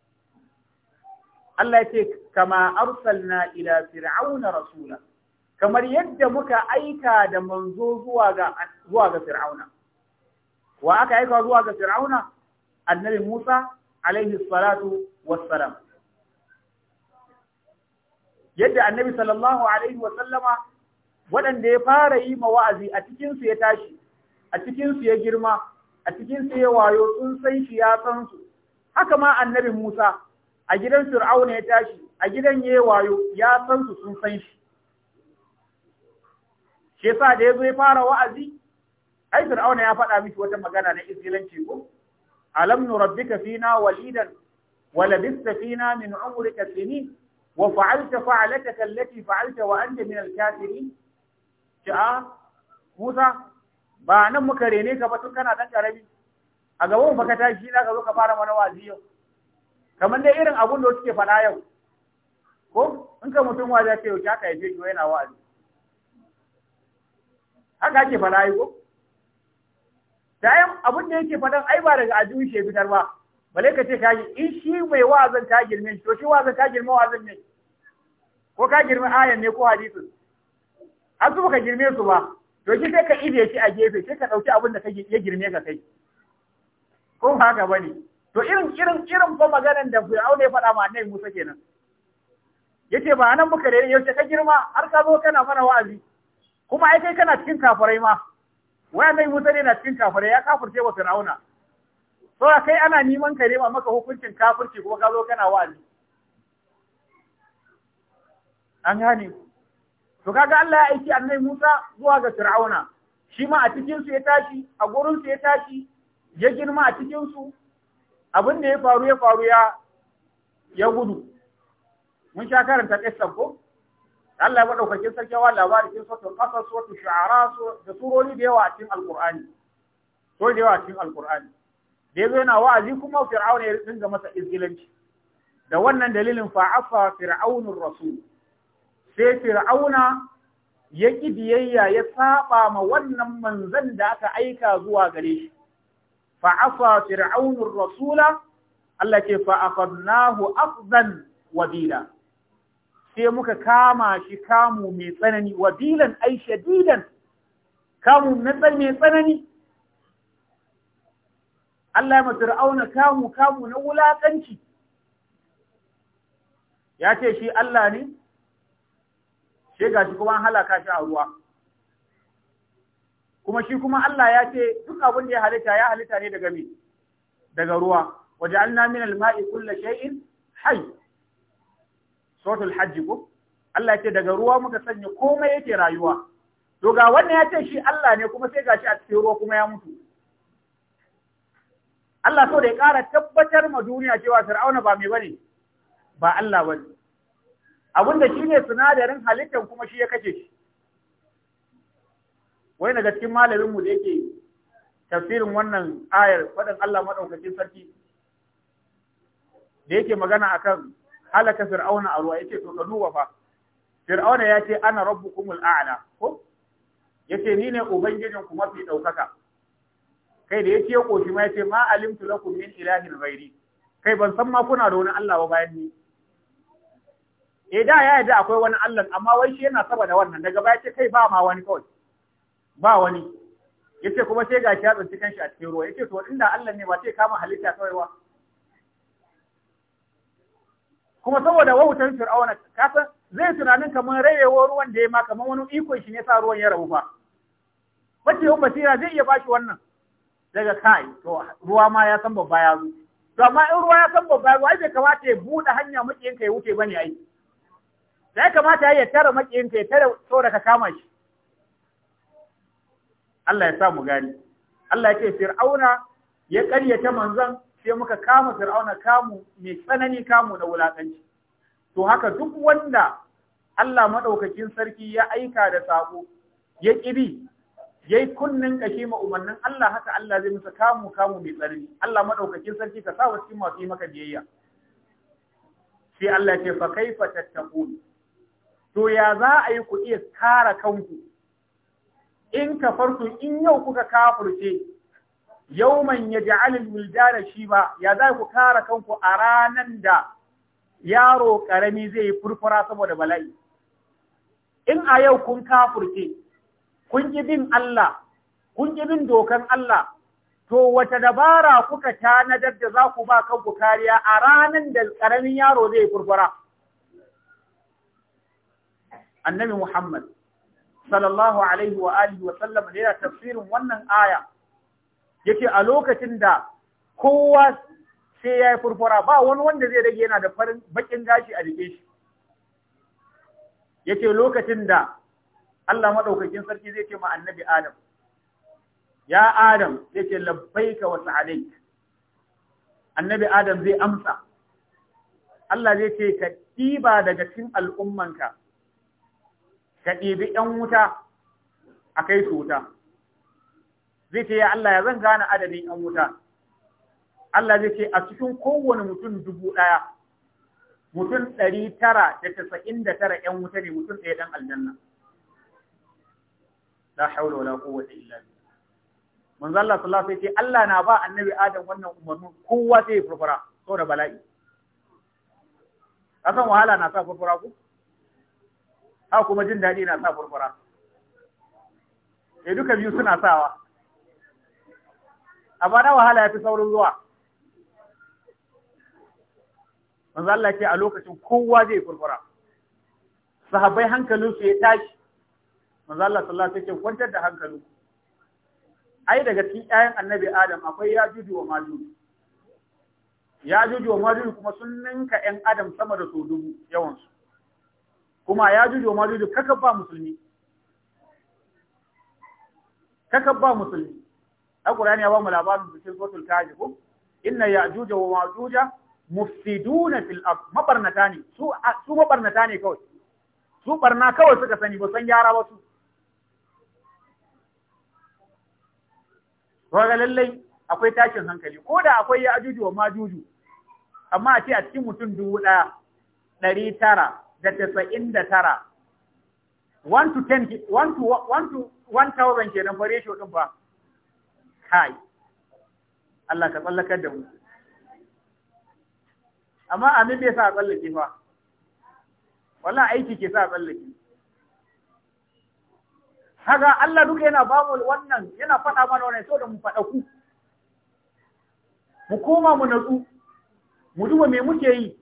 Speaker 1: Allah ya ce kama arsalna ila fir'auna rasula kamar yadda muka aika da manzo zuwa ga zuwa ga fir'auna wa aka aika zuwa ga fir'auna annabi Musa alaihi salatu wassalam yadda annabi sallallahu alaihi wasallama waɗanda ya fara yi ma wa'azi a cikin su ya tashi a cikin su ya girma a cikin su ya wayo sun san shi ya san su haka ma annabi Musa a gidan fir'auna ya tashi a gidan yayi wayo ya san su sun san shi Ke sa da yazo ya fara wa'azi ai fir'auna ya faɗa miki wata magana na isilanci ko alam nurabbika fina walidan wala labista fina min umrika Sini, wa fa'alta fa'alataka allati fa'alta wa anta min al ta ah, Musa ba nan muka rene ka ba tun kana dan karami a gaban baka tashi na ka zo ka fara mana wazi yau kamar dai irin abun da suke faɗa yau ko in ka mutum wa zai ce yau ka yi ki yana wa'azi haka ake faɗa yi ko tayin abun da yake faɗan ai ba daga ajiyu ke fitar ba bale ka ce kaji yi in shi mai wa'azin ka girme to shi wa'azin ka girme wa'azin ne ko ka girme ayan ne ko hadisi an su ka girme su ba to shi sai ka ibe shi a gefe sai ka ɗauki abin da ya girme ka kai ko ba haka bane to irin irin irin fa maganan da Fir'aun ya faɗa ma annabi Musa kenan yace ba anan muka da yaushe ka girma har ka zo kana mana wa'azi kuma ai kai kana cikin kafirai ma wai annabi Musa ne na cikin kafirai ya kafirce wa Fir'auna so kai ana neman ka nema maka hukuncin kafirci kuma ka zo kana wa'azi an gane to kaga Allah ya aiki annabi Musa zuwa ga Fir'auna shi ma a cikin su ya tashi a gurin su ya tashi ya girma a cikin su abin da ya faru ya faru ya gudu mun sha karanta kissan ko Allah ya madaukakin sarki wa labari cikin sautin su wa shu'ara da turoni da yawa a cikin alqur'ani so da yawa a cikin alqur'ani da yazo yana wa'azi kuma fir'auna ya dinga masa izgilanci da wannan dalilin fa'afa fir'aunur rasul sai fir'auna ya ƙi biyayya ya saba ma wannan manzan da aka aika zuwa gare shi Fa'afa fir'aunur rasula Allah ce fa'aqadnahu afzan wabila sai muka kama shi kamu mai tsanani wabilan Aisha shadidan kamu mai tsanani Allah ya fir'auna kamu kamu na wulakanci ya ce shi Allah ne sai gashi kuma halaka shi a ruwa kuma shi kuma Allah ya ce duk abin da ya halitta ya halitta ne daga me daga ruwa waja'alna min al-ma'i kullu shay'in hayy suratul hajj ko Allah ya ce daga ruwa muka sanya komai yake rayuwa to ga wannan ya ce shi Allah ne kuma sai shi a cikin ruwa kuma ya mutu Allah so da ya ƙara tabbatar ma duniya cewa Fir'auna ba mai bane ba Allah bane abinda ne sinadarin halittar kuma shi ya kace shi wai daga cikin malamin mu da yake tafsirin wannan ayar faɗin Allah madaukakin sarki da yake magana akan halaka fir'auna a ruwa yake to ka duba fa fir'auna ya ce ana rabbukumul a'la ko yace ni ne ubangijin ku mafi ɗaukaka. kai da yace koshi ma yace ma alimtu lakum min ilahin ghairi kai ban san ma kuna da wani Allah ba bayan ni eh da ya yarda akwai wani Allah amma wai shi yana saboda wannan daga baya ce kai ba ma wani kawai ba wani yace kuma sai gashi ya tsinci kanshi a cikin ruwa yace to inda Allah ne ba sai kama halitta kawai ba kuma saboda wautan fir'auna ka kasa zai tunanin kamar rayewa ruwan da ya ma kamar wani iko shi ne sa ruwan ya rabu ba bace yau basira zai iya bashi wannan daga kai to ruwa ma ya san babba ya zo to amma in ruwa ya san babba ya zo ai bai kamata ya buɗe hanya makiyin ka ya wuce bane ai sai kamata ya tara makiyin ka ya tara so da ka kama shi Allah ya sa mu gani Allah ya ce fir'auna ya ƙaryata manzon sai muka kama fir'auna kamu mai tsanani kamu da wulaƙanci. to haka duk wanda Allah maɗaukakin sarki ya aika da saƙo, ya kibi yayi kunnin kashi ma umarnin Allah haka Allah zai masa kamu kamu mai tsanani Allah maɗaukakin sarki ka sa wasu masu yi maka biyayya sai Allah ya ce fa kaifa tattaqun to ya za a yi ku iya kare kanku in kafartu in yau kuka kafirce yawman yaj'al al-wildana ba, ya za ku kare kanku a ranan da yaro karami zai furfura saboda bala'i in a yau kun kafirce kun ji bin Allah kun ji bin dokan Allah to wata dabara kuka tanadar da za ku ba kanku kariya a ranan da karamin yaro zai furfura annabi Muhammad sallallahu alaihi wa alihi wa sallam da yana tafsirin wannan aya yake a lokacin da kowa sai ya furfura ba wani wanda zai rage yana da farin bakin gashi a jikin shi yake lokacin da Allah madaukakin sarki zai ce ma annabi Adam ya Adam yake labbaika wa sa'alaik annabi Adam zai amsa Allah zai ce ka ɗiba daga cikin al'ummanka ka ɗebi ‘yan wuta a kai su wuta. Zai ce, Allah ya zan gane adadin ‘yan wuta. Allah zai ce, a cikin kowane mutum dubu ɗaya, mutum ɗari tara da tasa'in da tara ‘yan wuta ne mutum ɗaya ɗan aljanna. La haula wala quwwata illa billah. Manzo Allah sallallahu alaihi wasallam Allah na ba annabi Adam wannan umarnin kowa sai ya furfura saboda bala'i. Kasan wahala na sa furfura ku? a kuma jin daɗi na sa furfura Sai duka biyu suna sawa a bana wahala ya fi saurin zuwa manzo Allah ce a lokacin kowa zai furfura sahabbai hankalinsu ya tashi manzo Allah sallallahu alaihi wasallam kwantar da hankalin. ai daga cikin ƴaƴan annabi Adam akwai yajuju jujuwa Ya yajuju wa majuju kuma sun ninka ƴan Adam sama da su dubu yawansu kuma ya juju ma juju kaka ba musulmi kaka ba musulmi alqur'ani ya ba mu labarin cikin suratul kaji ko inna ya'juja wa ma'juja mufsiduna fil ard mabarnata ne su su mabarnata ne kawai su barna kawai suka sani ba san gyara ba su Raga lallai akwai tashin hankali, ko da akwai ya ajuju wa majuju, amma a ce a cikin mutum dubu ɗaya, ɗari tara, da tasa'in da tara. One to ten, one to one to one thousand kenan fa ratio ɗin fa. Kai, Allah ka tsallakar da mu. Amma amin bai sa tsallake fa. Wallah aiki ke sa tsallake. Haga Allah duka yana ba mu wannan yana faɗa mana wannan so da mu faɗa ku. Mu koma mu natsu, mu duba me muke yi,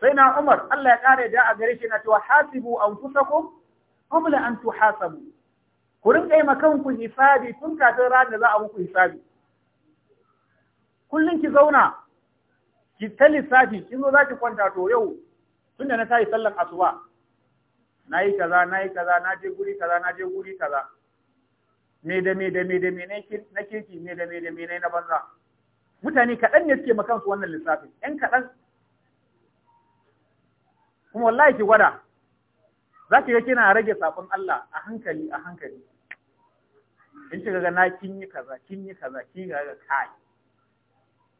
Speaker 1: sai na Umar Allah ya kare da a gare shi na cewa hasibu anfusakum qabla an tuhasabu ku rinka yi makan ku hisabi tun kafin ranar da za a muku hisabi kullun ki zauna ki ta lissafi kin zo za ki kwanta to yau tunda na tayi sallan asuba yi kaza na yi kaza na je guri kaza na je guri kaza me da me da me da me na kirki me da me da me na banza mutane kaɗan ne suke makansu wannan lissafin ‘yan kaɗan kuma wallahi ki gwada za ki ga kina rage sabon Allah a hankali a hankali in ki ga na kin yi kaza kin yi kaza ki ga ga kai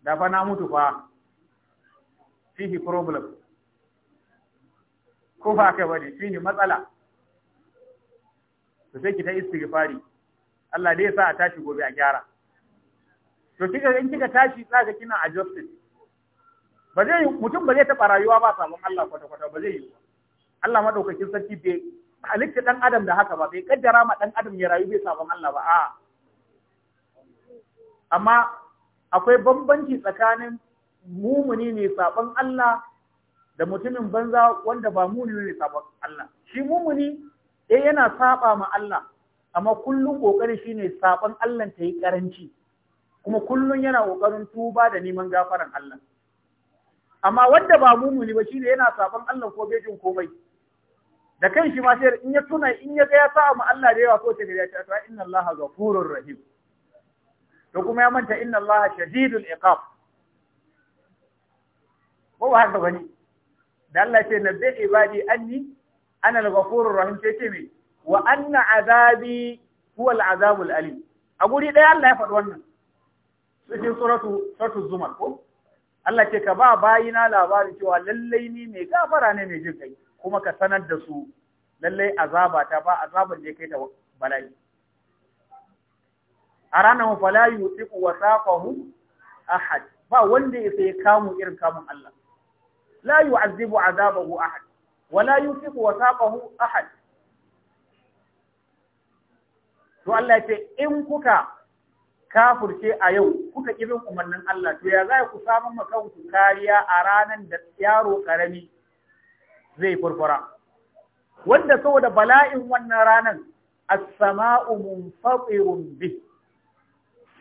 Speaker 1: da fa na mutu fa fihi problem ko ba ka shi fihi matsala to sai ki ta istighfari Allah dai ya sa a tashi gobe a gyara to kika in kika tashi ka kina adjusted ba zai mutum ba zai taɓa rayuwa ba sabon Allah kwata-kwata ba zai yi ba Allah maɗaukakin sarki bai halitta ɗan adam da haka ba bai kaddara ma ɗan adam ya rayu bai sabon Allah ba a amma akwai bambanci tsakanin mumuni ne sabon Allah da mutumin banza wanda ba mumuni ne sabon Allah shi mumuni eh yana saɓa ma Allah amma kullum shi shine sabon Allah ta yi karanci kuma kullum yana kokarin tuba da neman gafaran Allah amma wanda ba mu muni ba shine yana saban Allah ko bejin komai da kan shi ma sai in ya tuna in ya ga ya sa mu Allah da yawa ko ta gari ta inna Allah ghafurur rahim to kuma ya manta inna Allah shadidul iqab ko ba haka bane da Allah ce nabbi ibadi anni ana al-ghafurur rahim sai ce me wa anna azabi huwa al-azabul alim a guri daya Allah ya faɗi wannan cikin suratu suratu zumar ko Allah ce ka ba bayina labarin cewa lallai ni mai gafara ne mai jin kai kuma ka sanar da su lallai azaba ta ba azaban da kai ta bala'i a ranar mu fala wa wasaqahu ahad ba wanda ya sai kamu irin kamun Allah la yu'azzibu azabahu ahad wala wa wasaqahu ahad to Allah ya ce in kuka kafurce a yau kuka ki bin umarnin Allah to ya za ku samun ma kanku kariya a ranar da yaro karami zai furfura wanda saboda bala'in wannan ranar as-sama'u munfatirun bi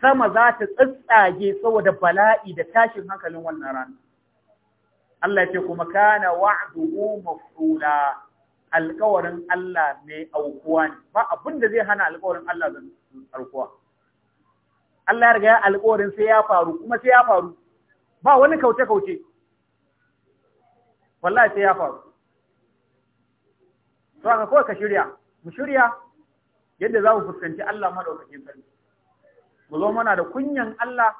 Speaker 1: sama za ta tsatsage saboda bala'i da tashin hankalin wannan ranar Allah ce kuma kana wa'duhu maf'ula alƙawarin Allah mai aukuwa ne ba abin da zai hana alƙawarin Allah zan aukuwa Allah ya riga ya alƙawarin sai ya faru kuma sai ya faru ba wani kauce kauce wallahi sai ya faru to aka kawai ka shirya mu shirya yadda za mu fuskanci Allah madaukakin sarki mu zo muna da kunyan Allah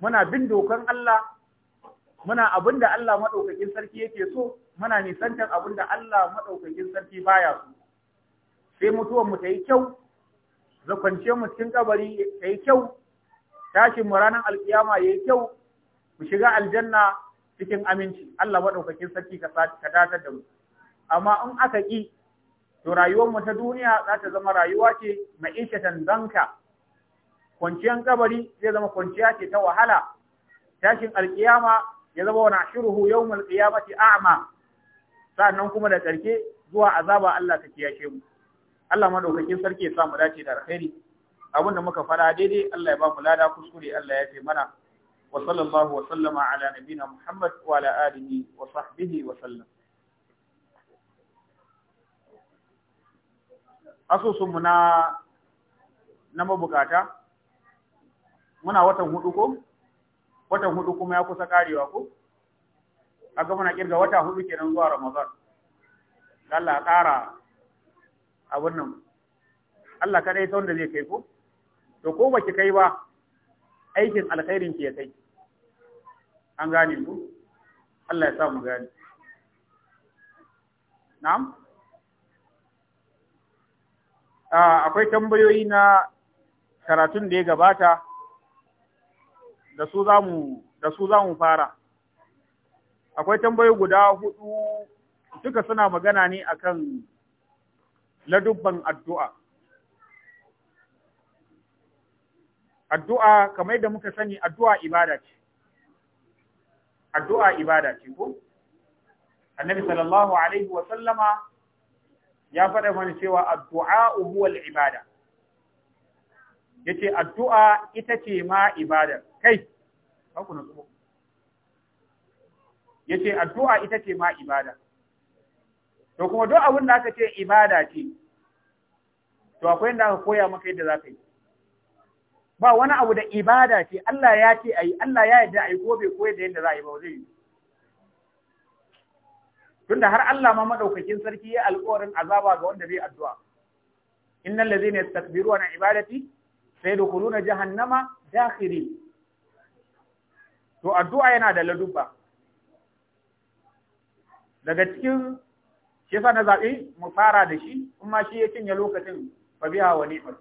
Speaker 1: muna bin dokan Allah muna abin da Allah madaukakin sarki yake so muna nisantar abin da Allah madaukakin sarki baya so sai mutuwar mu ta yi kyau da kwanciyar mu cikin kabari yayi kyau tashin mu ranar alkiyama yayi kyau mu shiga aljanna cikin aminci Allah maɗaukakin sarki ka datar da mu amma in aka ki to rayuwar mu ta duniya za ta zama rayuwa ce ma'ishatan danka kwanciyar kabari zai zama kwanciya ce ta wahala tashin alkiyama ya zama wa nashiruhu yawmal qiyamati a'ma sannan kuma da karke zuwa azaba Allah ta kiyashe mu Allah madaukakin sarki ya sa mu dace da alkhairi abin da muka fara daidai Allah ya ba mu lada kuskure Allah ya ce mana wa sallallahu wa sallama ala nabina Muhammad wa ala alihi wa sahbihi wa sallam asusun mu na na mabukata muna watan hudu ko watan hudu kuma ya kusa karewa ko kaga muna kirga wata hudu kenan zuwa Ramadan Allah ya kara a nan Allah kaɗai ta wanda zai kai ko to ko baki kai ba aikin alkhairin ki ya kai an gane ku Allah ya sa mu gane na'am akwai tambayoyi na karatun da ya gabata da su za mu fara akwai tambayoyi guda hudu duka suna magana ne akan ladubban addu'a. Addu'a, kamar yadda muka sani, addu'a ibada ce. Addu'a ibada ce ko? Annabi sallallahu Alaihi wasallama ya faɗa mana cewa addu'a ubuwal ibada. Ya ce, addu'a ita ce ma ibada. Kai, haku na Ya ce, addu'a ita ce ma ibada. to kuma duk abin da aka ce ibada ce to akwai inda aka koya maka yadda za ka yi ba wani abu da ibada ce Allah ya ce ayi Allah ya yarda ayi ko bai koyar da yadda za a yi ba zai yi tunda har Allah ma madaukakin sarki ya alƙawarin azaba ga wanda bai addu'a innal ladzina yastakbiruna an ibadati sayadkhuluna jahannama dakhirin to addu'a yana da ladubba daga cikin shi sa na zaɓi mu fara da shi kuma shi ya cinye lokacin fa biya wa ni'mat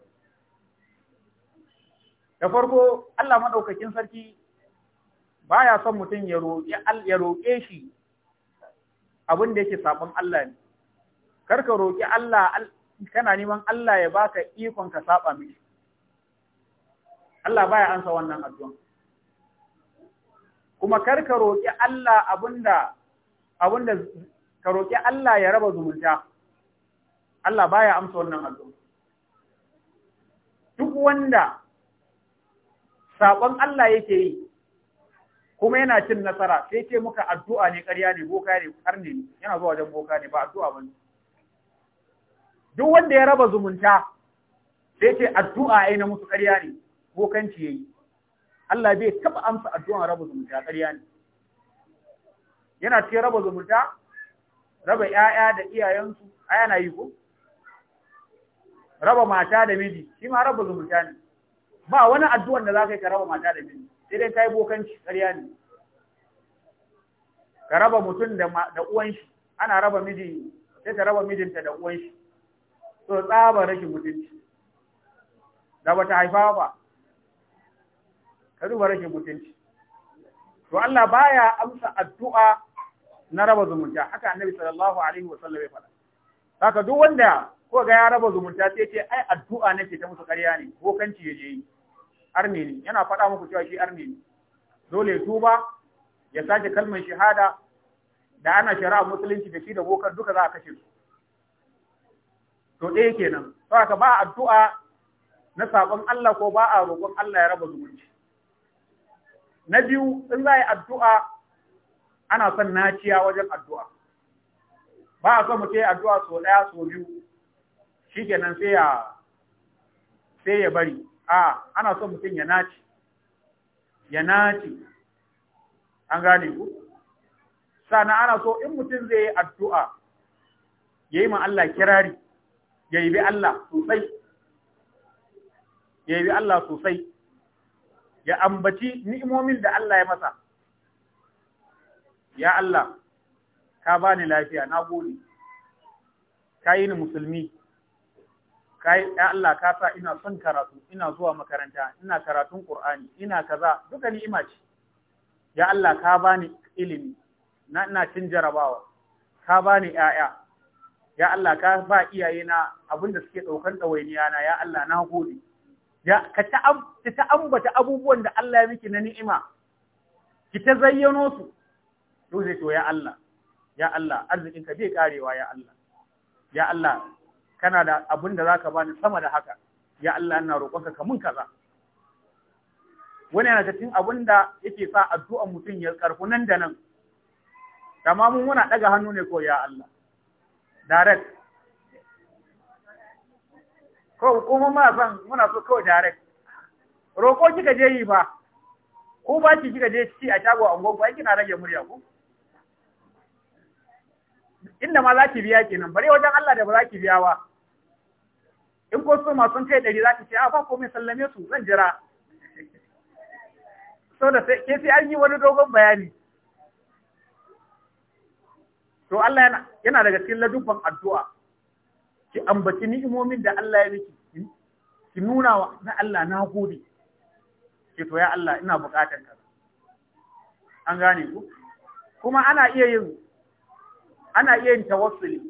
Speaker 1: da farko Allah madaukakin sarki baya son mutum ya roƙe ya roƙe shi abin da yake sabon Allah ne kar ka roƙi Allah kana neman Allah ya baka ikon ka saba mishi
Speaker 2: Allah baya ansa wannan
Speaker 1: addu'a kuma kar ka roƙi Allah abinda abinda ka roƙi Allah ya raba zumunta Allah baya amsa wannan addu'a duk wanda saƙon Allah yake yi kuma yana cin nasara sai ce muka addu'a ne ƙarya ne boka ne ƙarni ne yana zuwa wajen boka ne ba addu'a ba duk wanda ya raba zumunta sai ce addu'a ai na musu ƙarya ne bokanci yi. Allah bai taba amsa addu'a raba zumunta ƙarya ne yana ce raba zumunta raba ƴaƴa da iyayensu a yana yi ko? Raba mata da miji, shi ma raba zumunta ne. Ba wani addu'an da za ka yi ka raba mata da miji, sai dai ka yi bokanci ƙarya ne. Ka raba mutum da uwan shi, ana raba miji, sai ta raba mijinta da uwan shi. So tsaba rashin mutunci. Da bata haifa ba, ka duba rashin mutunci. To Allah baya amsa addu'a na raba zumunta haka annabi sallallahu alaihi wasallam ya faɗa haka duk wanda ko ga ya raba zumunta sai ce ai addu'a nake ta musu ƙarya ne ko kanci ya je arme yana faɗa muku cewa shi arme dole ya tuba ya sake kalmar shahada da ana shari'a musulunci da shi da bokar duka za a kashe su to ɗaya kenan saboda ba addu'a na sabon Allah ko ba a roƙon Allah ya raba zumunci na biyu in za a yi addu'a ana son naciya wajen addu'a ba a son mutum addu'a so ɗaya so biyu shi kenan sai ya sai ya bari a ana son mutum ya naci ya naci an gane ku sana ana so in mutum zai yi addu'a ya yi ma Allah kirari ya yi bi Allah sosai ya yi bi Allah sosai ya ambaci ni'imomin da Allah ya masa ya Allah ka bani lafiya na gode ka yi ni musulmi ya Allah ka sa ina son karatu ina zuwa makaranta ina karatun Qur'ani ina kaza duka ni'ima imaci ya Allah ka bani ilimi na ina cin jarabawa ka bani 'ya'ya. ya Allah ka ba iyaye na abinda suke daukar dawainiya na ya Allah na gode ya ka ta ambata abubuwan da Allah ya miki na ni'ima ki ta zayyano su to zai to ya Allah ya Allah arzikin ka bai karewa ya Allah ya Allah kana da abin da zaka bani sama da haka ya Allah ina roƙonka ka mun kaza wani yana cikin abin da yake sa addu'an mutum ya karfu nan da nan amma mun muna daga hannu ne ko ya Allah direct ko kuma muna son muna so kawai direct roƙo kika je yi ba ko ba ki kika je ci a shago a ungwagwa kina rage murya ko inda ma za ki biya kenan bare wajen Allah da ba za ki biya ba in ko so ma sun kai ɗari za ki ce a ba mai sallame su zan jira so da sai ke sai an yi wani dogon bayani to Allah yana yana daga cikin ladubban addu'a ki ambaci ni'imomin da Allah ya miki ki nuna wa na Allah na gode ke to ya Allah ina buƙatar ka an gane ku kuma ana iya yin ana iya yin tawassuli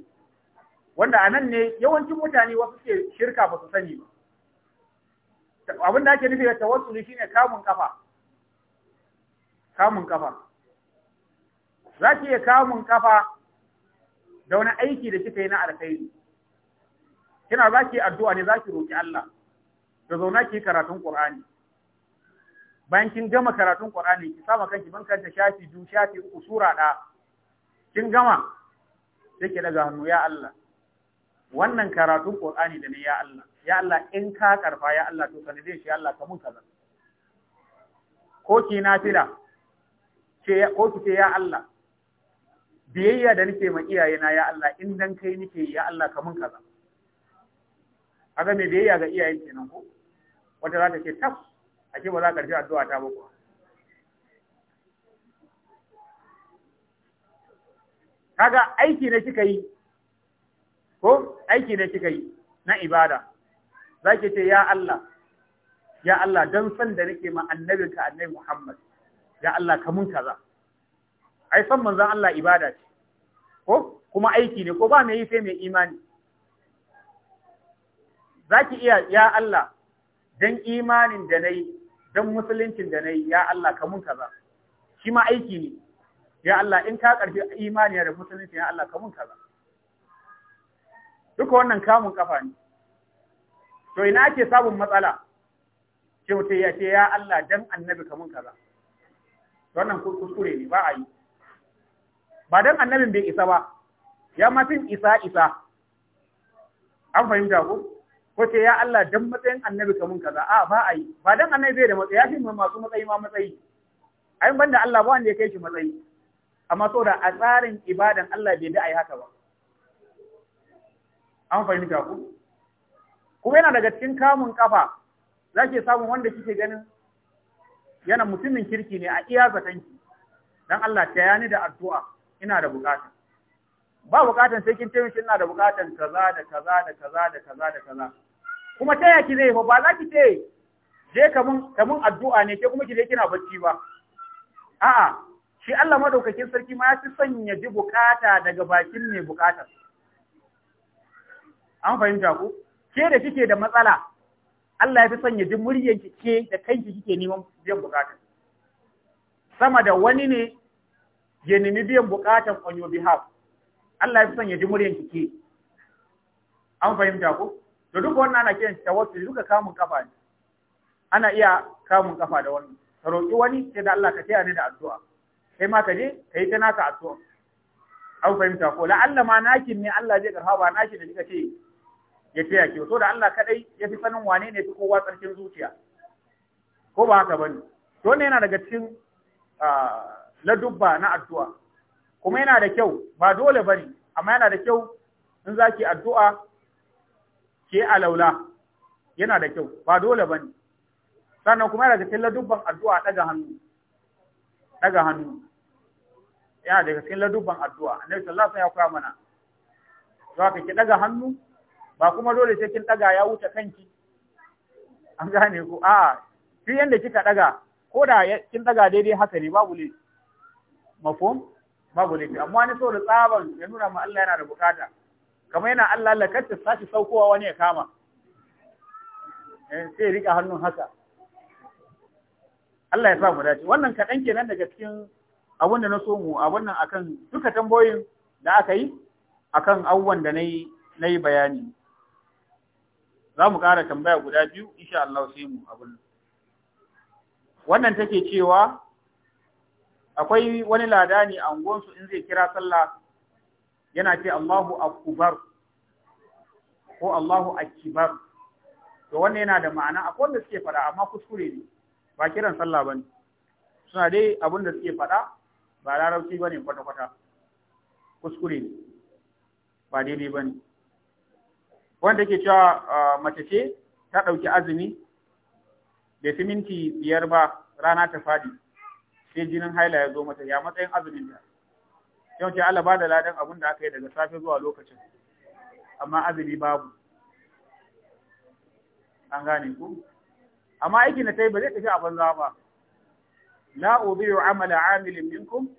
Speaker 1: wanda anan ne yawancin mutane wasu ke shirka ba su sani ba abin da ake nufi da tawassuli shine kamun kafa kamun kafa za ki iya kamun kafa da wani aiki da kika yi na alkhairi kina za ki addu'a ne za ki roki Allah da zauna ki karatun Qur'ani bayan kin gama karatun Qur'ani ki sama kanki ban kanta shafi du, shafi uku sura ɗaya kin gama sai daga hannu ya Allah wannan karatun Qur'ani da ne ya Allah ya Allah in ka karfa ya Allah to kana zai shi Allah ka mun kaza ko ki fila, ce ko ki ce ya Allah biyayya da nake ma iyayena ya Allah in dan kai nake ya Allah ka mun kaza kaga me biyayya ga iyayen kenan ko wata za ta ce tab ake ba za ka karfi addu'a ta ba kuwa kaga aiki ne kika yi ko aiki ne kika yi na ibada zaki ce ya Allah ya Allah dan san da nake ma annabinka annabi Muhammad ya Allah ka mun kaza ai san manzon Allah ibada ce ko kuma aiki ne ko ba mai yi sai mai imani zaki iya ya Allah dan imanin da nayi dan musuluncin da nayi ya Allah ka mun kaza shi ma aiki ne ya Allah in ka karfi imani da musulunci ya Allah ka mun kaza duka wannan kamun kafa ne to ina ake sabon matsala ce mutum ya ce ya Allah dan annabi ka mun kaza wannan kuskure ne ba a yi ba dan annabin bai isa ba ya tin isa isa an fahimta ko ko ce ya Allah dan matsayin annabi kamun kaza a ba a yi ba dan annabi bai da matsayi ya fi masu matsayi ma matsayi ai banda Allah ba wanda ya kai shi matsayi amma saboda a tsarin ibadan Allah bai da yi haka ba an fahimci ku kuma yana daga cikin kamun kafa zake samu wanda kike ganin yana mutumin kirki ne a iya zakanki dan Allah ta yani da addu'a ina da bukata ba bukatan sai kin taimake ina da bukatan kaza da kaza da kaza da kaza da kaza kuma ta yaki zai ba za ki ce je kamun kamun addu'a ne ke kuma ki je kina bacci ba a'a shi Allah madaukakin sarki ma fi son ya ji bukata daga bakin mai bukatar an fahimta ku ke da kike da matsala Allah ya fi son ya ji muryar ke da kanki kike neman biyan bukata. sama da wani ne ya nemi biyan bukata on your behalf Allah ya fi son ya ji muryar ke an fahimta ku to duka wannan ana kiran tawassul duka kamun kafa ne ana iya kamun kafa da wannan ka roƙi wani sai da Allah ka taya ni da addu'a kai ma ka je ka yi ta naka addu'a an fahimta ko la'alla ma nakin ne Allah zai karfa ba nakin da kika ce ya taya ki to da Allah kadai ya fi sanin wane ne fi kowa tsarkin zuciya ko ba haka bane to ne yana daga cikin ah, ladubba na addu'a kuma yana da kyau ba dole bane amma yana da kyau in zaki addu'a ke alaula yana da kyau ba dole bane sannan kuma yana da cikin ladubban addu'a daga hannu daga hannu yana daga cikin ladubban addu'a annabi sallallahu alaihi wasallam ya koya mana to ki daga hannu ba kuma dole sai kin daga ya wuce kanki an gane ku a shi yanda kika daga ko da kin daga daidai haka ne babu laifi mafhum babu amma ni so da tsaban ya nuna ma Allah yana da bukata kamar yana Allah Allah kar sashi saukowa wani ya kama eh, sai rika hannun haka Allah ya sa mu dace wannan kaɗan kenan daga cikin abin da na so mu a wannan akan duka tambayoyin da aka yi akan abubuwan da na yi bayani za mu ƙara tambaya guda biyu insha Allah sai mu abin wannan take cewa akwai wani lada ne a unguwarsu in zai kira sallah yana ce Allahu Akubar. ko Allahu akbar to wannan yana da ma'ana akwai wanda suke fada amma kuskure ne ba kiran sallah bane suna dai abin da suke faɗa ba larabci bane kwata-kwata kuskure ne ba daidai bane wanda ke cewa ah, mace ce ta ɗauki azumi da siminti biyar ba rana ta faɗi sai jinin haila ya zo mata ya matsayin azumin ta yau ce Allah ba da ladan abin da aka yi daga safe zuwa lokacin amma azumi babu an gane ku amma aikin da ta yi ba zai tafi a banza ba la ubiyu amala amilin minkum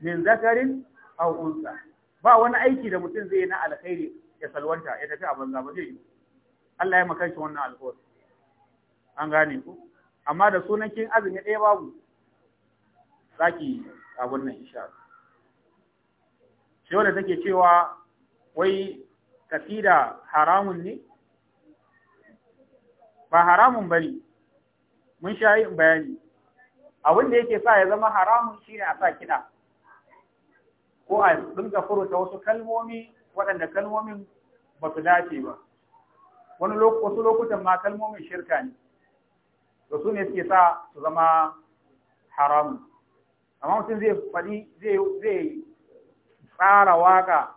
Speaker 1: min zakarin aw unsa ba wani aiki da mutum zai yi na alkhairi ya salwanta ya tafi a banza ba zai yi Allah ya maka shi wannan alkhairi an gane ku amma da sunan kin azumi ɗaya babu zaki a wannan insha Allah shi wanda take cewa wai kasida haramun ne ba haramun ba ne, mun sha yin bayani abin da yake sa ya zama haramun shi ne a sa kiɗa ko a dinga furuta wasu kalmomi waɗanda kalmomin ba su dace ba wani wasu lokutan ma kalmomin shirka ne da su ne suke sa su zama haramun amma mutum zai faɗi zai tsara waka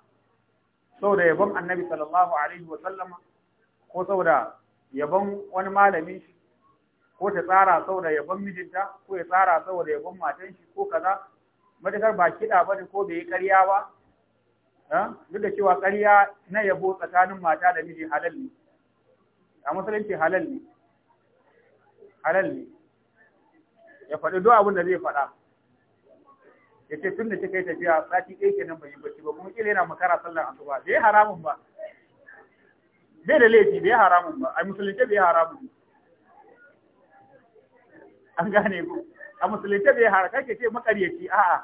Speaker 1: da yabon annabi sallallahu alaihi wa sallama ko da. yaban wani malami ko ta tsara saboda yaban mijinta ko ya tsara saboda yaban matan shi ko kaza matakar ba kiɗa ba ne ko bai yi ƙarya ba duk da cewa ƙarya na yabo tsakanin mata da miji halal ne a musulunci halal ne halal ne ya faɗi duk abin da zai faɗa ya ce tun da kika yi tafiya sati ɗaya kenan bai yi bacci ba kuma kila yana makara sallar asuba bai haramun ba bai da laifi bai haramun ba a musulunce bai haramun ba. an gane ku a musulunce bai haramun kake ce makaryaci a'a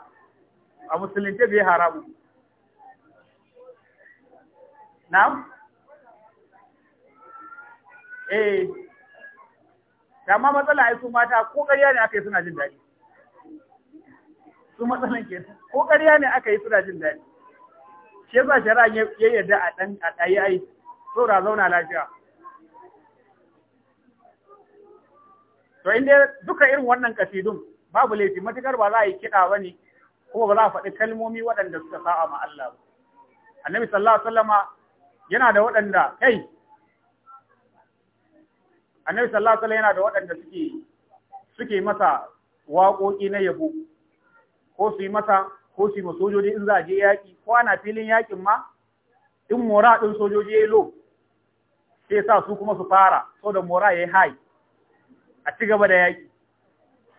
Speaker 1: a musulunce bai haramun na'am eh amma matsala a su mata ko ƙarya ne aka yi suna jin daɗi su matsalan ke ko ƙarya ne aka yi suna jin daɗi shi yasa shari'a ya yarda a ɗan a ɗaya aiki so da zauna lafiya to inda duka irin wannan kasidun babu laifi matukar ba za a yi kiɗa ba ne kuma ba za a faɗi kalmomi waɗanda suka sa'a ma Allah ba annabi sallallahu alaihi wasallama yana da waɗanda kai annabi sallallahu alaihi wasallam yana da waɗanda suke suke masa waƙoƙi na yabo ko su yi masa ko su yi masojoji sojoji in za a je yaƙi ko ana filin yaƙin ma in mora sojoji ya yi lo sai sa su kuma su fara so da mora yi hai a ci gaba da yaƙi.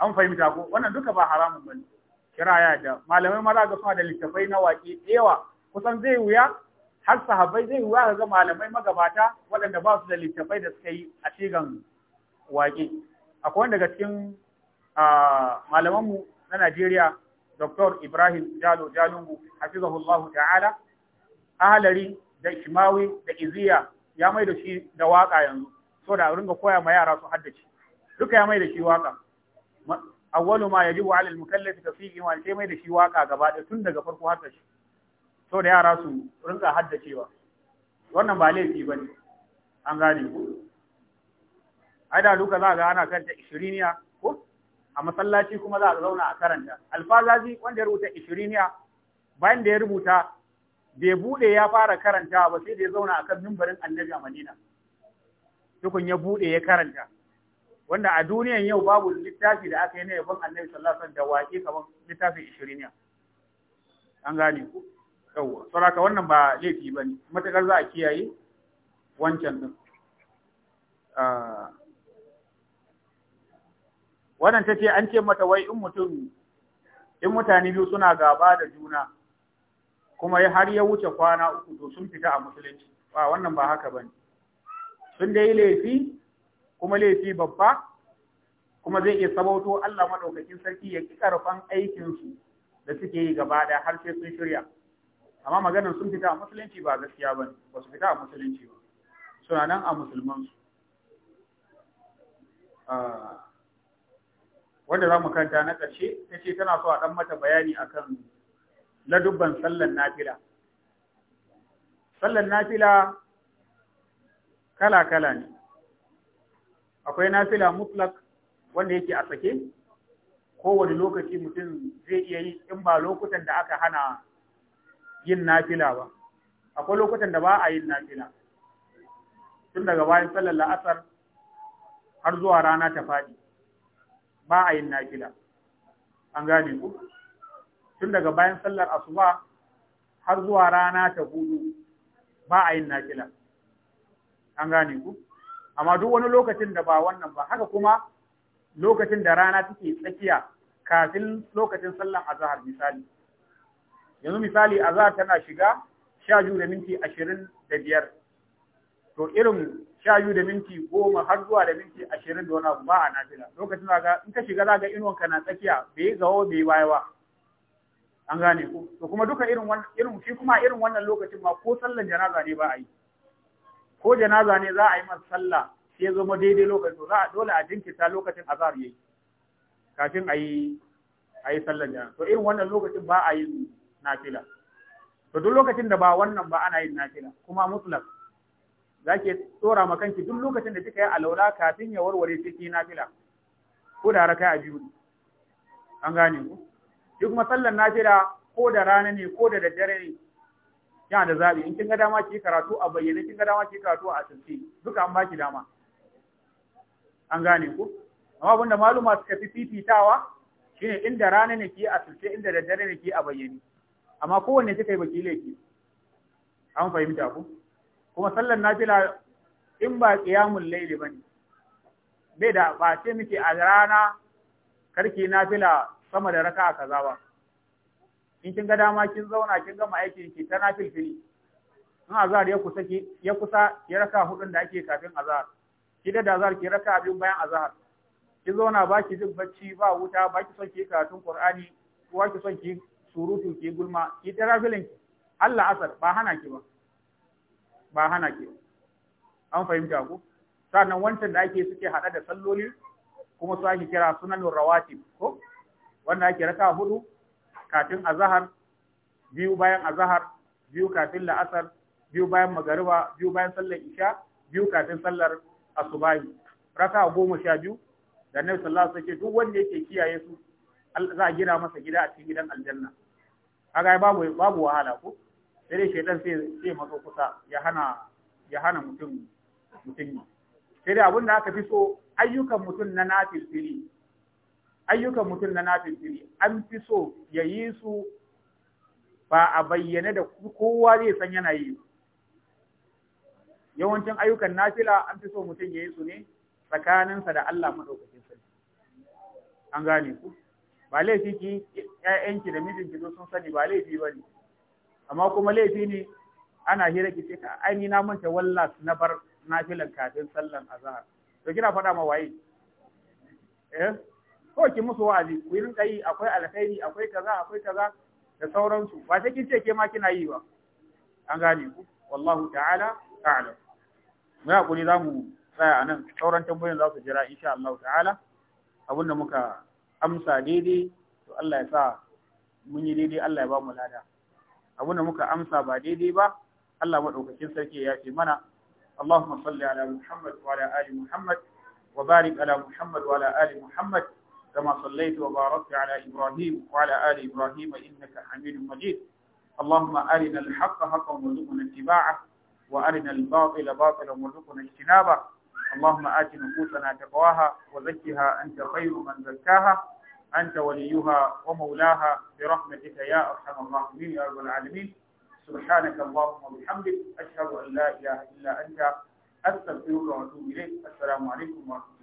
Speaker 1: an fahimta ko wannan duka ba haramun bane kiraya da malamai maza ga suna da littafai na waƙe. yawa kusan zai wuya har sahabbai zai wuya ga malamai magabata waɗanda ba su da littafai da suka yi a cigan waƙe akwai wanda daga cikin mu na Najeriya Dr. Ibrahim Jalo Jalungu hafizahullahu ta'ala ahalari da Shimawi da Iziya ya mai da shi da waka yanzu so da ringa koya ma yara su haddace duka ya mai da shi waka awwalu ma yajibu alal al-mukallaf tasfiqi ma sai mai da shi waka gaba da tun daga farko har shi so da yara su ringa haddacewa wannan ba laifi bane an gane ku ai da duka za ga ana karanta 20 ko a masallaci kuma za a zauna a karanta alfazazi wanda ya rubuta 20 bayan da ya rubuta bai bude ya fara karantawa ba sai da ya zauna akan mimbarin annabi a Madina tukun ya bude ya karanta wanda a duniyan yau babu littafi da aka yi na yabon annabi sallallahu alaihi wasallam da waƙi kamar littafin ishiriniya an gane ku yawwa saboda wannan ba laifi bane matakar za a kiyaye wancan din ah. wannan ta ce an ce mata wai in mutum in mutane biyu suna gaba da juna kuma har ya wuce kwana uku to sun fita a musulunci ba wannan ba haka bane sun dai laifi kuma laifi babba kuma zai iya sabauto Allah madaukakin sarki ya ki karfan aikin su da suke yi gaba da har sai sun shirya amma maganar sun fita a musulunci ba gaskiya bane ba su fita a musulunci ba suna nan a musulman su ah, wanda za mu kanta na ƙarshe ta ce tana so a ɗan mata bayani akan dubban sallan nafila sallan nafila kala-kala ne akwai nafila mutlak wanda yake a sake kowane lokaci mutum zai iya yi in ba lokutan da aka hana yin nafila ba akwai lokutan da ba a yin nafila tun daga bayan sallar la'asar har zuwa rana ta faɗi ba a yin nafila an gane ku tun daga bayan sallar asuba har zuwa rana ta hudu ba a yin nafila an gane ku amma duk wani lokacin da ba wannan ba haka kuma lokacin da rana take tsakiya kafin lokacin sallar azhar misali yanzu misali azhar tana shiga 12 da minti biyar, to irin 12 da minti goma har zuwa da minti 20 da wani abu ba a nafila lokacin da in ka shiga zaka inuwanka na tsakiya bai zawo bai baya ba an gane ku. to kuma duka irin wannan, irin shi kuma irin wannan lokacin ma ko sallar janaza ne ba a yi ko janaza ne za a yi masa sallah sai ya zama daidai lokacin to za a dole a jinkirta lokacin azhar yayi kafin a yi a yi sallar janaza to irin wannan lokacin ba a yi nafila to duk lokacin da ba wannan ba ana yin nafila kuma mutlak za ki tsora ma kanki duk lokacin da kika yi alaula kafin ya warware ciki nafila ko da raka'a biyu an gane ku Duk masallan sallar nafila ko da rana ne ko da daddare ne yana da zabi in kin ga dama ki karatu a bayyane kin ga dama ki karatu a asirce duka an baki dama an gane ku amma abinda maluma suka fi fifitawa shine inda rana ne ki asirce inda daddare ne ki a bayyane amma kowanne kika yi baki laifi an fahimta ku kuma sallar nafila in ba qiyamul layli bane bai da ba ce miki a rana karki nafila sama da raka kaza ba in kin ga dama kin zauna kin gama aikin ki ta nafil fili in azhar ya kusa ki ya kusa ki raka hudun da ake kafin azhar ki da azhar ki raka abin bayan azhar ki zauna ba ki jin bacci ba wuta ba ki son ki karatun qur'ani ba ki son ki surutu ki gulma ki ta nafilin ki Allah asar ba hana ki ba ba hana ki an fahimta ku sannan wancan da ake suke hada da salloli kuma su ake kira sunan rawatib ko wannan ake raka hudu kafin azahar biyu bayan azahar biyu kafin la'asar biyu bayan magariba biyu bayan sallar isha biyu kafin sallar asubahi raka goma sha biyu da nabi sallallahu alaihi wasallam duk wanda yake kiyaye su za a gina masa gida a cikin gidan aljanna kaga babu babu wahala ko sai dai shaitan sai sai matso kusa ya hana ya hana mutum mutum sai dai abin aka fi so ayyukan mutum na nafil fili ayyukan mutum na nafin nafilfili an fi so ya yi su ba a bayyane da kowa zai san yana yi yawancin ayyukan nafila an fi so mutum ya yi su ne tsakaninsa da Allah maɗaukakin sarki an gane ku ba laifi ki ƴaƴanki da mijinki zo sun sani ba laifi ba ne amma kuma laifi ne ana hira ki ce ka ai ni na manta wallas na bar nafilan kafin sallan azhar to kina faɗa ma waye eh ko musu wa'azi ku yi rinka yi akwai alkhairi akwai kaza akwai kaza da sauransu ba sai kin ce ke ma kina yi ba an gane ku wallahu ta'ala a'lam mu hakuri za mu tsaya anan sauran tambayoyin za su jira insha Allah ta'ala abin da muka amsa daidai to Allah ya sa mun yi daidai Allah ya ba mu lada abin muka amsa ba daidai ba Allah madaukakin sarki ya ce mana Allahumma salli ala Muhammad wa ali Muhammad wa barik ala Muhammad wa ali Muhammad كما صليت وباركت على إبراهيم وعلى آل إبراهيم إنك حميد مجيد اللهم أرنا الحق حقا وارزقنا اتباعه وأرنا الباطل باطلا وارزقنا اجتنابه اللهم آت نفوسنا تقواها وزكها أنت خير من زكاها أنت وليها ومولاها برحمتك يا أرحم الراحمين يا رب العالمين سبحانك اللهم وبحمدك أشهد أن لا إله إلا أنت أستغفرك وأتوب إليك السلام عليكم ورحمة الله